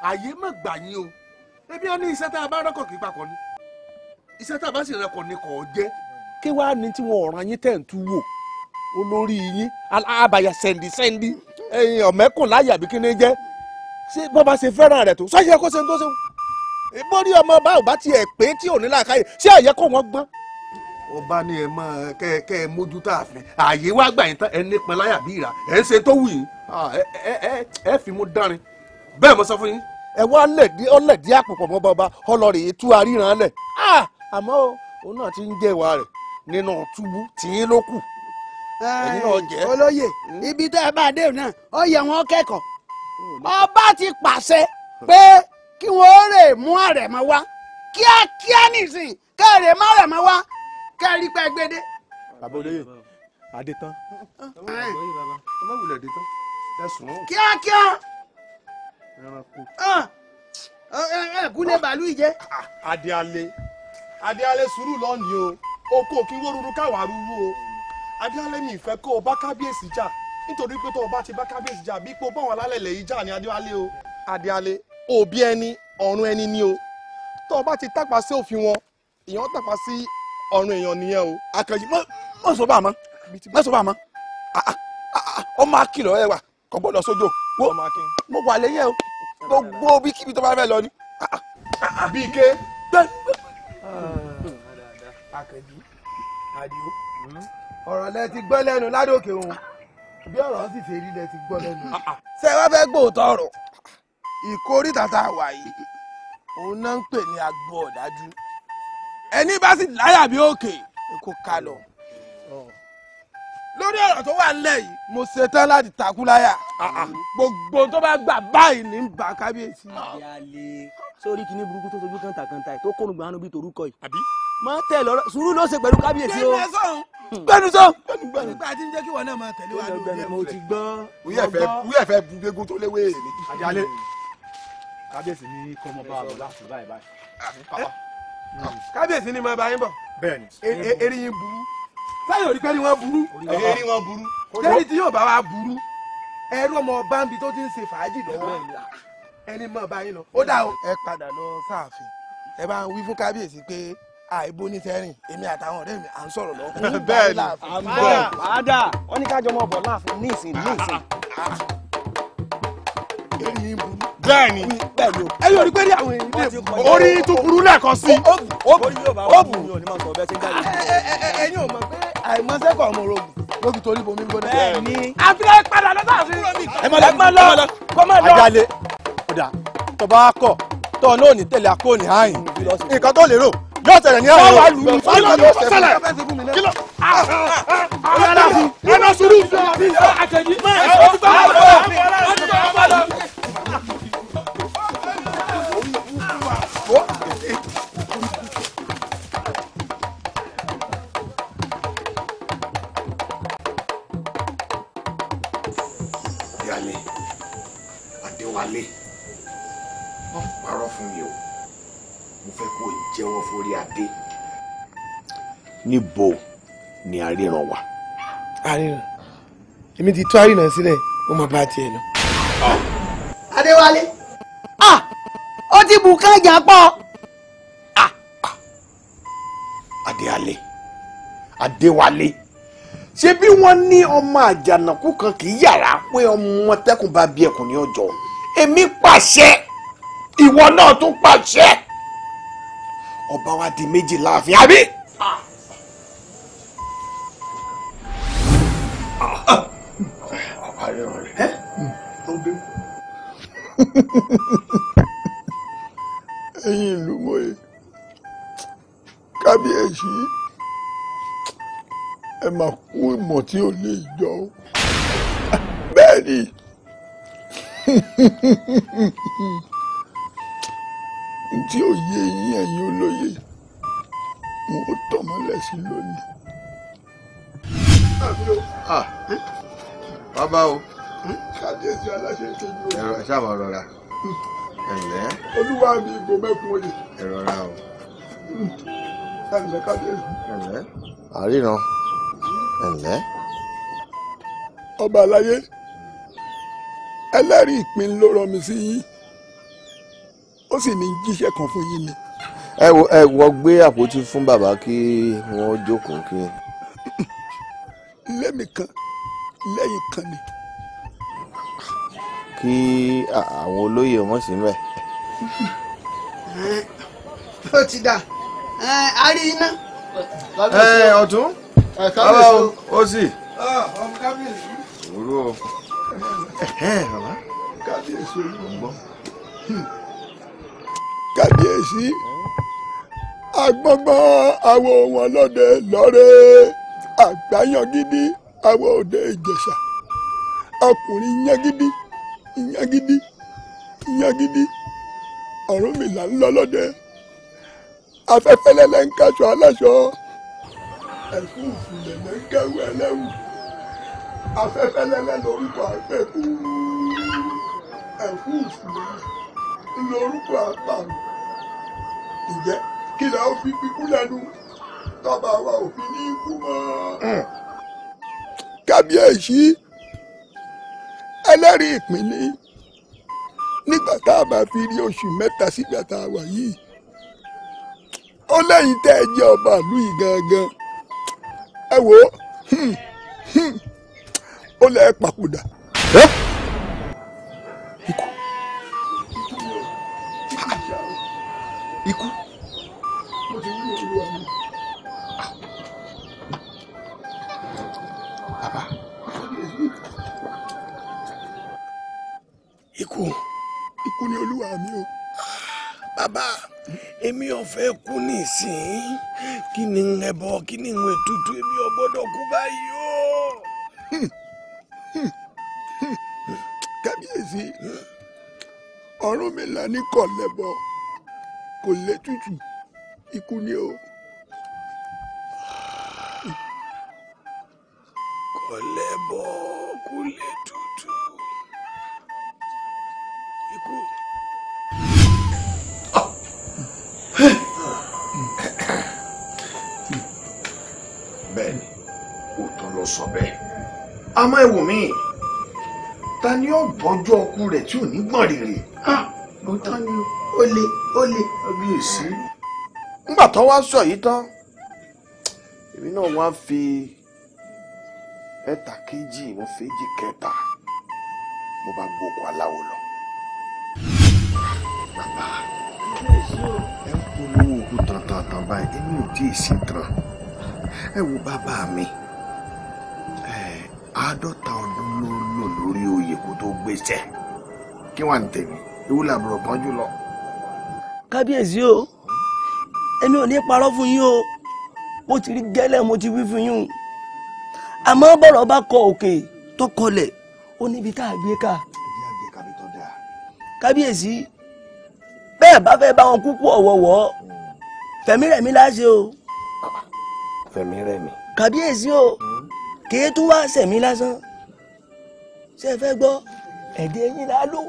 àyè má gbà yín o ebi wọn ní iṣẹ́ tá a bá rọkọ kí papọ̀ ni iṣẹ́ tá a bá sì rọkọ ni kò jẹ́. kí wàá ní tí wọn ọ̀ràn yín tẹ̀ wò olórí yín alábàyà sẹ́ndí sẹ́ndí ẹ̀yin ọ̀mẹ́kùn láyà bí kí ni jẹ́ ṣé bọ́ bá ṣe fẹ́ràn rẹ̀ tó sọ́yẹ́ kó ṣe ń tó ṣe ń ọmọ bá ò bá tiẹ̀ pé tí ò ní làákàyè ṣé àyẹ́ kò wọ́n gbọ́n. ọba ni ẹ mọ kẹ kẹ mójú tá àyè wá gbà yín tán ẹ nípa láyà bí ìrà ẹ ń ṣe tó wù yín Ah, ẹ fi mú dárin bẹ́ẹ̀ mo sọ fún yín. ẹ wá lẹ̀dí ọlẹ̀dí àpòpọ̀ mọ́ bàbá ọlọ́rẹ̀ tú aríran lẹ̀ ah, àmọ́ òun náà ti ń jẹ́ ìwà rẹ̀ nínú túbú tìyín ló kù ẹ̀yin náà hmm? ibi tó ẹ bá dé náà ó yẹ wọn kẹ́kọ̀ọ́ hmm, ọba ti pàṣẹ hmm. pé kí wọn rè mú àrẹ̀mọ wá kíákíá nìsín kẹrè má rẹ̀mọ wá kẹrí pẹgbẹdẹ. bàbá olóyè adé tán. ẹ wulẹ̀ adé tán kíákíá ẹ̀kúnlẹ̀ ah. ah, eh, eh, ah. bàálù ìjẹ́. adéalé adéalé sùúrù lọ́nìí o oko kí wóruru káwá rúru o adéalé mi ìfẹ́ kó o bá kábíyèsí jà nítorí pé tó o bá ti bá kábíyèsí jà bí pé o bá wọn lálẹ́ lẹ́yìn jà ní adéalé o adéalé òbí ẹni ọ̀run ẹni ni o tó o bá ti tàpá sí òfin wọn èèyàn tàpá sí ọ̀run èèyàn nìyẹn o. àkànjì mọ mọ sọ bá a mọ mọ sọ bá a mọ ọmọ akìlọ ẹ wà kò gbọ́dọ̀ sójò wo mo wà lẹ́yìn ẹ̀ gbogbo bí kíbi tó bá fẹ́ lọ ni. bí ike. àkànjú àdìo ọ̀rọ̀ lẹ ti gbọ́ lẹ́nu ládòkè òun bí ọ̀rọ̀ sì ṣe rí lẹ ti gbọ́ lẹ́nu. ṣé wàá fẹ́ gbòòtọ̀ ọ̀rọ̀ ìkórè tata wà yìí òun náà ń pè ní agbo ọ̀dájú ẹni bá sì láyà bí òkè kò kalọ̀ lórí ọ̀rọ̀ tó wà nílẹ̀ yìí mo ṣe tán láti takú láyà ah, ah. gbogbo tó bá gbà báyìí ní bá kábíyèsí. Ah. sórí kìíní burúkú tó sojú kàńtà kàńtà yìí tó kónú gbàánu bíi torúkọ yìí. àbí. máa sùúrù ló ṣe pẹ̀lú kábíyèsí o. gbẹnu sọ sáyẹn òrí pé ni wọ́n burú. ẹ̀yẹ ni wọ́n burú. jẹ́ni tí yóò bá wa burú ẹ̀rú ọmọ bambi tó ti ń ṣe fàájì lọ́wọ́ ẹni mọ̀ báyìí lọ. ó dà o. ẹ padà lọ sáàfin ẹ bá ń wí fún kábíyèsí pé àìbó ní sẹ́rìn èmi àtàwọn ọ̀rẹ́ mi à ń sọ̀rọ̀ lọ́kùnrin. bẹ́ẹ̀ ni à ń wọ́n ní kájọ ọmọ ọ̀bọ̀ láàfin ní ìsìn ní ìsìn. bẹ́ẹ̀ ni bẹ́ẹ̀ ni o. ẹ yóò rí pé ní àwọn èyí lè bù. orí tún burú lẹ́ẹ̀kan sí. ó bù ó bù ó bù. ẹ̀yin ò mọ̀ pé àìmọ̀sẹ́ kọ̀ ọmọ orogun ló fi torí bomi gbóná. bẹ́ẹ̀ni àfihàn padà lọ sáàfin ẹ má lọ kọ má lọ. ajalè kódà tọba akọ tọ náà ní tẹ̀lé akó ní àyìn nǹkan tó lérò yóò tẹ̀lé ní àyìn. báwa lù ú kí ló ló ṣẹlẹ̀ kí ló. ọ̀rẹ́ rà fún un. ẹ lọ sùúrù. àtẹ̀jí. ẹ lọ sùúrù. jẹ́wọ́ forí adé níbo ni aríran wà. aríran èmi ti tó aríran sílẹ̀ ó máa bá tiẹ̀ lọ. Ah. adéwálé ah, ó ti bù kánjà pọ̀. Ah. adéwálé adéwálé ṣé bí wọ́n ní ọmọ àjànàkú kan kì í yàrá pé ọmọ tẹ́kùn bá bí ẹkùn ní ọjọ́ èmi pàṣẹ ìwọ náà tún pàṣẹ ọba wa di méjì láàfin àbí. ẹ̀yin ìlú mọ̀ye kábíyèsí ẹ máa kú ìmọ̀ tí ò lè jọ bẹ́ẹ̀ ni. tí ò yé yín ẹ̀yin olóye wọn ó tọ̀mọ́lẹ̀ sí lónìí. bàbá o. kábíyèsí aláṣẹ ìṣojú o. ẹ̀rọ ṣàmọ̀ rọra. ẹ̀lẹ́. olúwa mi ìgò mẹ́kun olè. ẹ̀rọ ra o. ẹ̀lẹ́ kábíyèsí. ẹ̀lẹ́. àríran. ẹ̀lẹ́. ọba àlàyé ẹlẹ́rìí ìpín ló rọ mi sí yín ó sì ní jíṣẹ́ kan fún yín ni. ẹ wọ ẹ wọ gbé àpótí fún bàbá kí wọ́n jókòó kí. lẹ́mìí kan lẹ́yìn kan ni. kí àwọn olóyè wọn sì mẹ́. ó ti dà á rí iná. ẹ ọ̀tún bàbá ó sì. òwúrò o. ẹ ẹ bàbá kábíyèsí olúwa kábíyèsí agbọ́ngbọ́n awo wọn lóde lọ́rẹ́ àgbáyangidi awo òde ìjẹ̀ṣà ọkùnrin yangidi yangidi yangidi ọ̀run mi là ń lọ lóde afẹ́fẹ́ lẹ́lẹ́ ń kaṣọ aláṣọ ẹ̀fún ìfúnlẹ̀ lẹ́ ń kẹ́wọ́ ẹlẹ́wù afẹ́fẹ́ lẹ́lẹ́ lórúkọ àgbẹ̀kú ẹ̀fún ìfúnlẹ̀ lórúkọ àpàrọ̀ ǹjẹ́ kí la ó fi fi kú lẹ́nu bàbá wa ò fi ní kú mọ́. Hmm. kábíyèsí ẹlẹ́rìí ìpínlẹ̀ nígbà tá a bá fi rí oṣù mẹ́ta sígbà tá a wà yìí ó lẹ́yìn tẹ́ ẹ jẹ́ ọba ìlú yìí gangan ẹ wò ó hmm, hmm, ó lẹ́ papòdà. ikú. Baba, èmi ọ̀fẹ́ kú nísìnyí kí ni ń ẹbọ kí ni ń ètùtù èmi ò gbọ́dọ̀ kú báyìí o. kábíyèsí Ọ̀rúnmìlà ní kò lẹ́bọ kò lẹ́tùtù ikú ni o. kò lẹ́bọ kò lẹ́tùtù. bẹ́ẹ̀ ni òótọ́ ló sọ bẹ́ẹ̀ àmọ́ ẹ wò mí ta ni ó bọ́jú ọkú rẹ̀ tí ò ní gbọ̀n rèrè òótọ́ ni ó lè ó lè kábíyèsí. nígbà tó wá sọ yìí tán èmi náà wá fi ẹ̀ta kejì mo fèjì kẹta mo bá gbókò aláwo lọ. bàbá ẹ ń polówó òkú tán tán tán báyìí èmi ò tí ì tán ẹ wo bàbá mi àádọ́ta ọdún ló lò lórí oyè kó tó gbéṣẹ́ kí wàá ní tèmi ewu làbúrò kan jùlọ. kábíyèsí o ẹni ò ní parọ́ fún yín o mo ti rí gẹ́lẹ́ mo ti wí fún yín o àmọ́ bọ̀rọ̀ bá kọ òkè tó kọlẹ̀ ó níbi tá a gbé ká. kábíyèsí bẹ́ẹ̀ bá fẹ́ bá wọn kúkú ọ̀wọ̀wọ́ hmm. fẹ̀mí rẹ̀ láṣẹ o fẹ̀mí rẹ̀ mi. kàbíyèsí o hmm? kèé tún wá sẹ̀mí lásán ṣe fẹ́ gbọ́ ẹ̀jẹ̀ yín la lò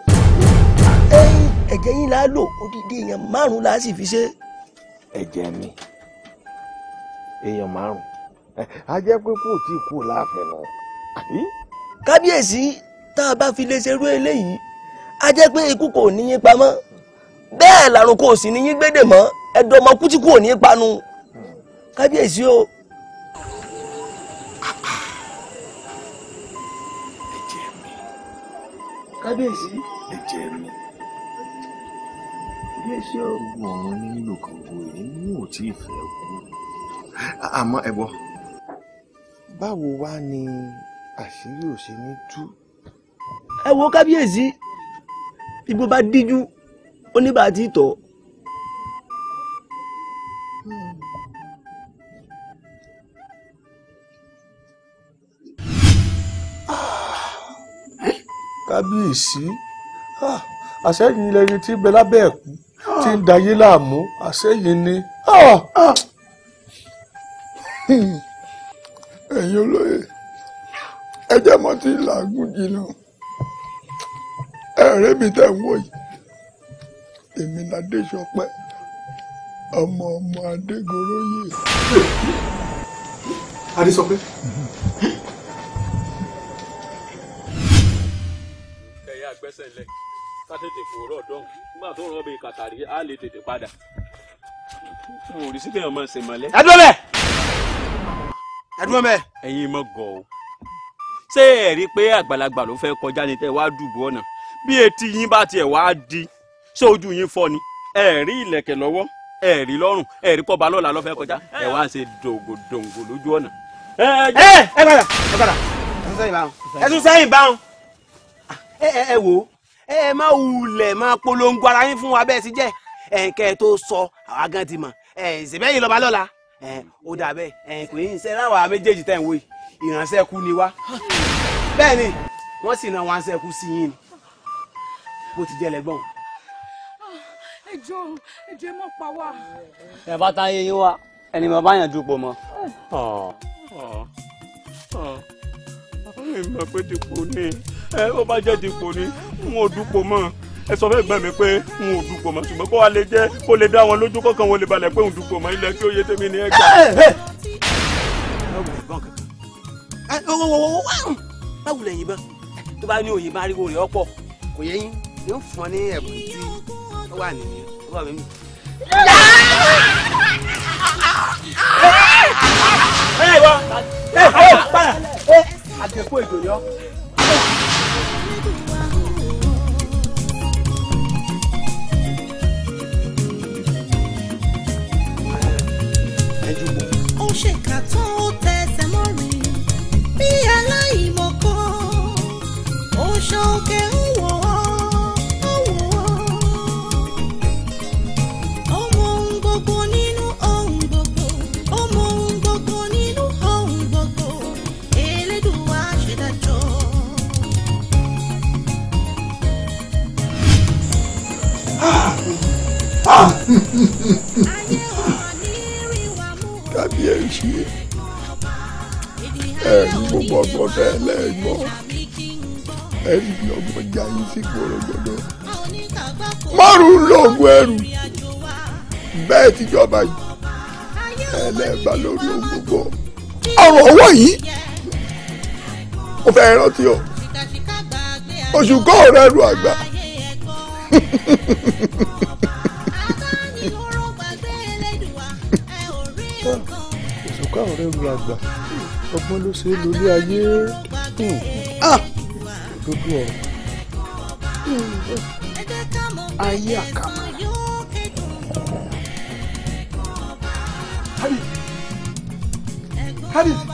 ẹ̀jẹ̀ yín la lò odidi èèyàn márùn-ún la sì fi ṣe. ẹ̀jẹ̀ mi èèyàn márùn a jẹ́ pé kò tí ì kú láàfin nù. kábíyèsí tá a bá fi lè ṣerú eléyìí a jẹ́ pé ikú kò ní yín pamọ́ bẹ́ẹ̀ làrùn kò sì ní yín gbédè mọ́ ẹ̀dọ̀ ọmọ kútíkù ò ní í panu hmm. kábíyèsí o. kábíyèsí. ẹ̀jẹ̀ mi. kábíyèsí o. gbogbo ọ̀run ní nílò kan wo èmi ò tí ì fẹ́ kú. àmọ́ ẹ bọ́ báwo wá ni àṣírí ò ṣe ní tú. ẹ wo kábíyèsí igbó bá díjú ó ní bá a ti tọ̀ ọ́. kábíyèsí ah, àṣẹyìn lẹni tí ń bẹ lábẹ́ ẹ̀kú tí ń dayé láàmú àṣẹyìn ni. Ah! ẹ̀yin olóye ẹ jẹ́ mọ́ tí làágùn jìnnà ẹ̀rẹ́ mi tẹ̀ ń wò yìí èmi ni Adéṣọpẹ́ ọmọ ọmọ Adégoróyè. Adéṣọpẹ́. gbẹ́sẹ̀ lẹ̀ ká tètè fòrọ̀ dán nígbà tó rán bí kàtàrí á lè tètè padà. mo rí sí kéèyàn máa ṣe mọ́lẹ́. ẹ dúró bẹ́ẹ̀. ẹ dúró bẹ́ẹ̀. ẹ̀yin mọ̀ gọ̀ o ṣé ẹ rí i pé àgbàlagbà ló fẹ́ kọjá ni tẹ́ wá dùbò ọ̀nà bí etí yín bá tiẹ̀ wá di ṣé ojú yín fọ́ ni ẹ rí ìlẹ̀kẹ̀ lọ́wọ́ ẹ rí lọ́rùn ẹ rí pọ́ba lọ́la lọ́fẹ́ kọjá ẹ wá ṣe dòǹgòdòǹgò lójú ọ̀nà. ẹ ẹ padà ẹ padà ẹ tún sẹ́yìn báwọn ẹ tún sẹ́yìn báwọn ẹ ẹ wò ó ẹ ẹ má wulẹ̀ máa polongo ara yín fún wa bẹ́ẹ̀ sì jẹ́ ẹ̀ ń kẹ́ ẹ tó sọ àwa gan ti mọ̀ ẹ̀ ṣèbẹ́yìn lọ́ba lọ́la ẹ̀ ó dà bẹ́ẹ̀ ẹ̀ kò yín ṣe ráwa méjèèjì tẹ̀ ń wò yìí ìránṣẹ́ kú ni wá bẹ́ẹ̀ ni wọ́n sì ran wáṣẹ́ kú sí yín ni bó ti jẹ́ lẹ́gbọ́n. ẹjọ́ ẹjọ́ mọ̀ pa wá. ẹ bá táyé yín wá ẹni mo bá yàn dúpọ̀ mọ́ mi mọ̀ pé dìpò ni ẹ ó bá jẹ́ dìpò ni n ò dúpọ̀ mọ́ ẹ sọ fẹ́ gbọ́n mi pé n ò dúpọ̀ mọ́ ṣùgbọ́n kó wa lè jẹ́ kó lè dá wọn lójú kọ́kàn wọn lè balẹ̀ pé n dúpọ̀ mọ́ ilẹ̀ kí ó yé tèmi ni ẹ gbà. báwo lè yìnbọn tó bá ní òyìnbá ariwo rẹ̀ ọ̀pọ̀ kò yẹ yín yóò fún ọ ní ẹ̀bùn tí ó wà nìyẹn ó wà mímu. Hey, what? Hey, hey, hey, àjẹkù ìdòyọ. ó ṣèkà tán ó tẹsẹ̀ mọ́rin bí aláìmọ̀kan ó ṣọ́ọ́kẹ́ ó. gbọgbọdọ ẹlẹgbọ ẹrù ni ọmọ jayé sí gbọrọgbọdọ márùn lóògùn ẹrù bẹ́ẹ̀ tíjọba yìí ẹlẹba lórí ohun gbogbo ọ̀rọ̀ ọwọ́ yìí mo fẹ́ rántí o oṣù kọ́ ọ̀rẹ́ lu àgbà. oṣù kọ́ ọ̀rẹ́ lu àgbà ọgbọ́n ló ṣe é lórí ayé hmm. ah! gbogbo ọ̀rọ̀ hmm. ayé àkàmà. Harry Harry.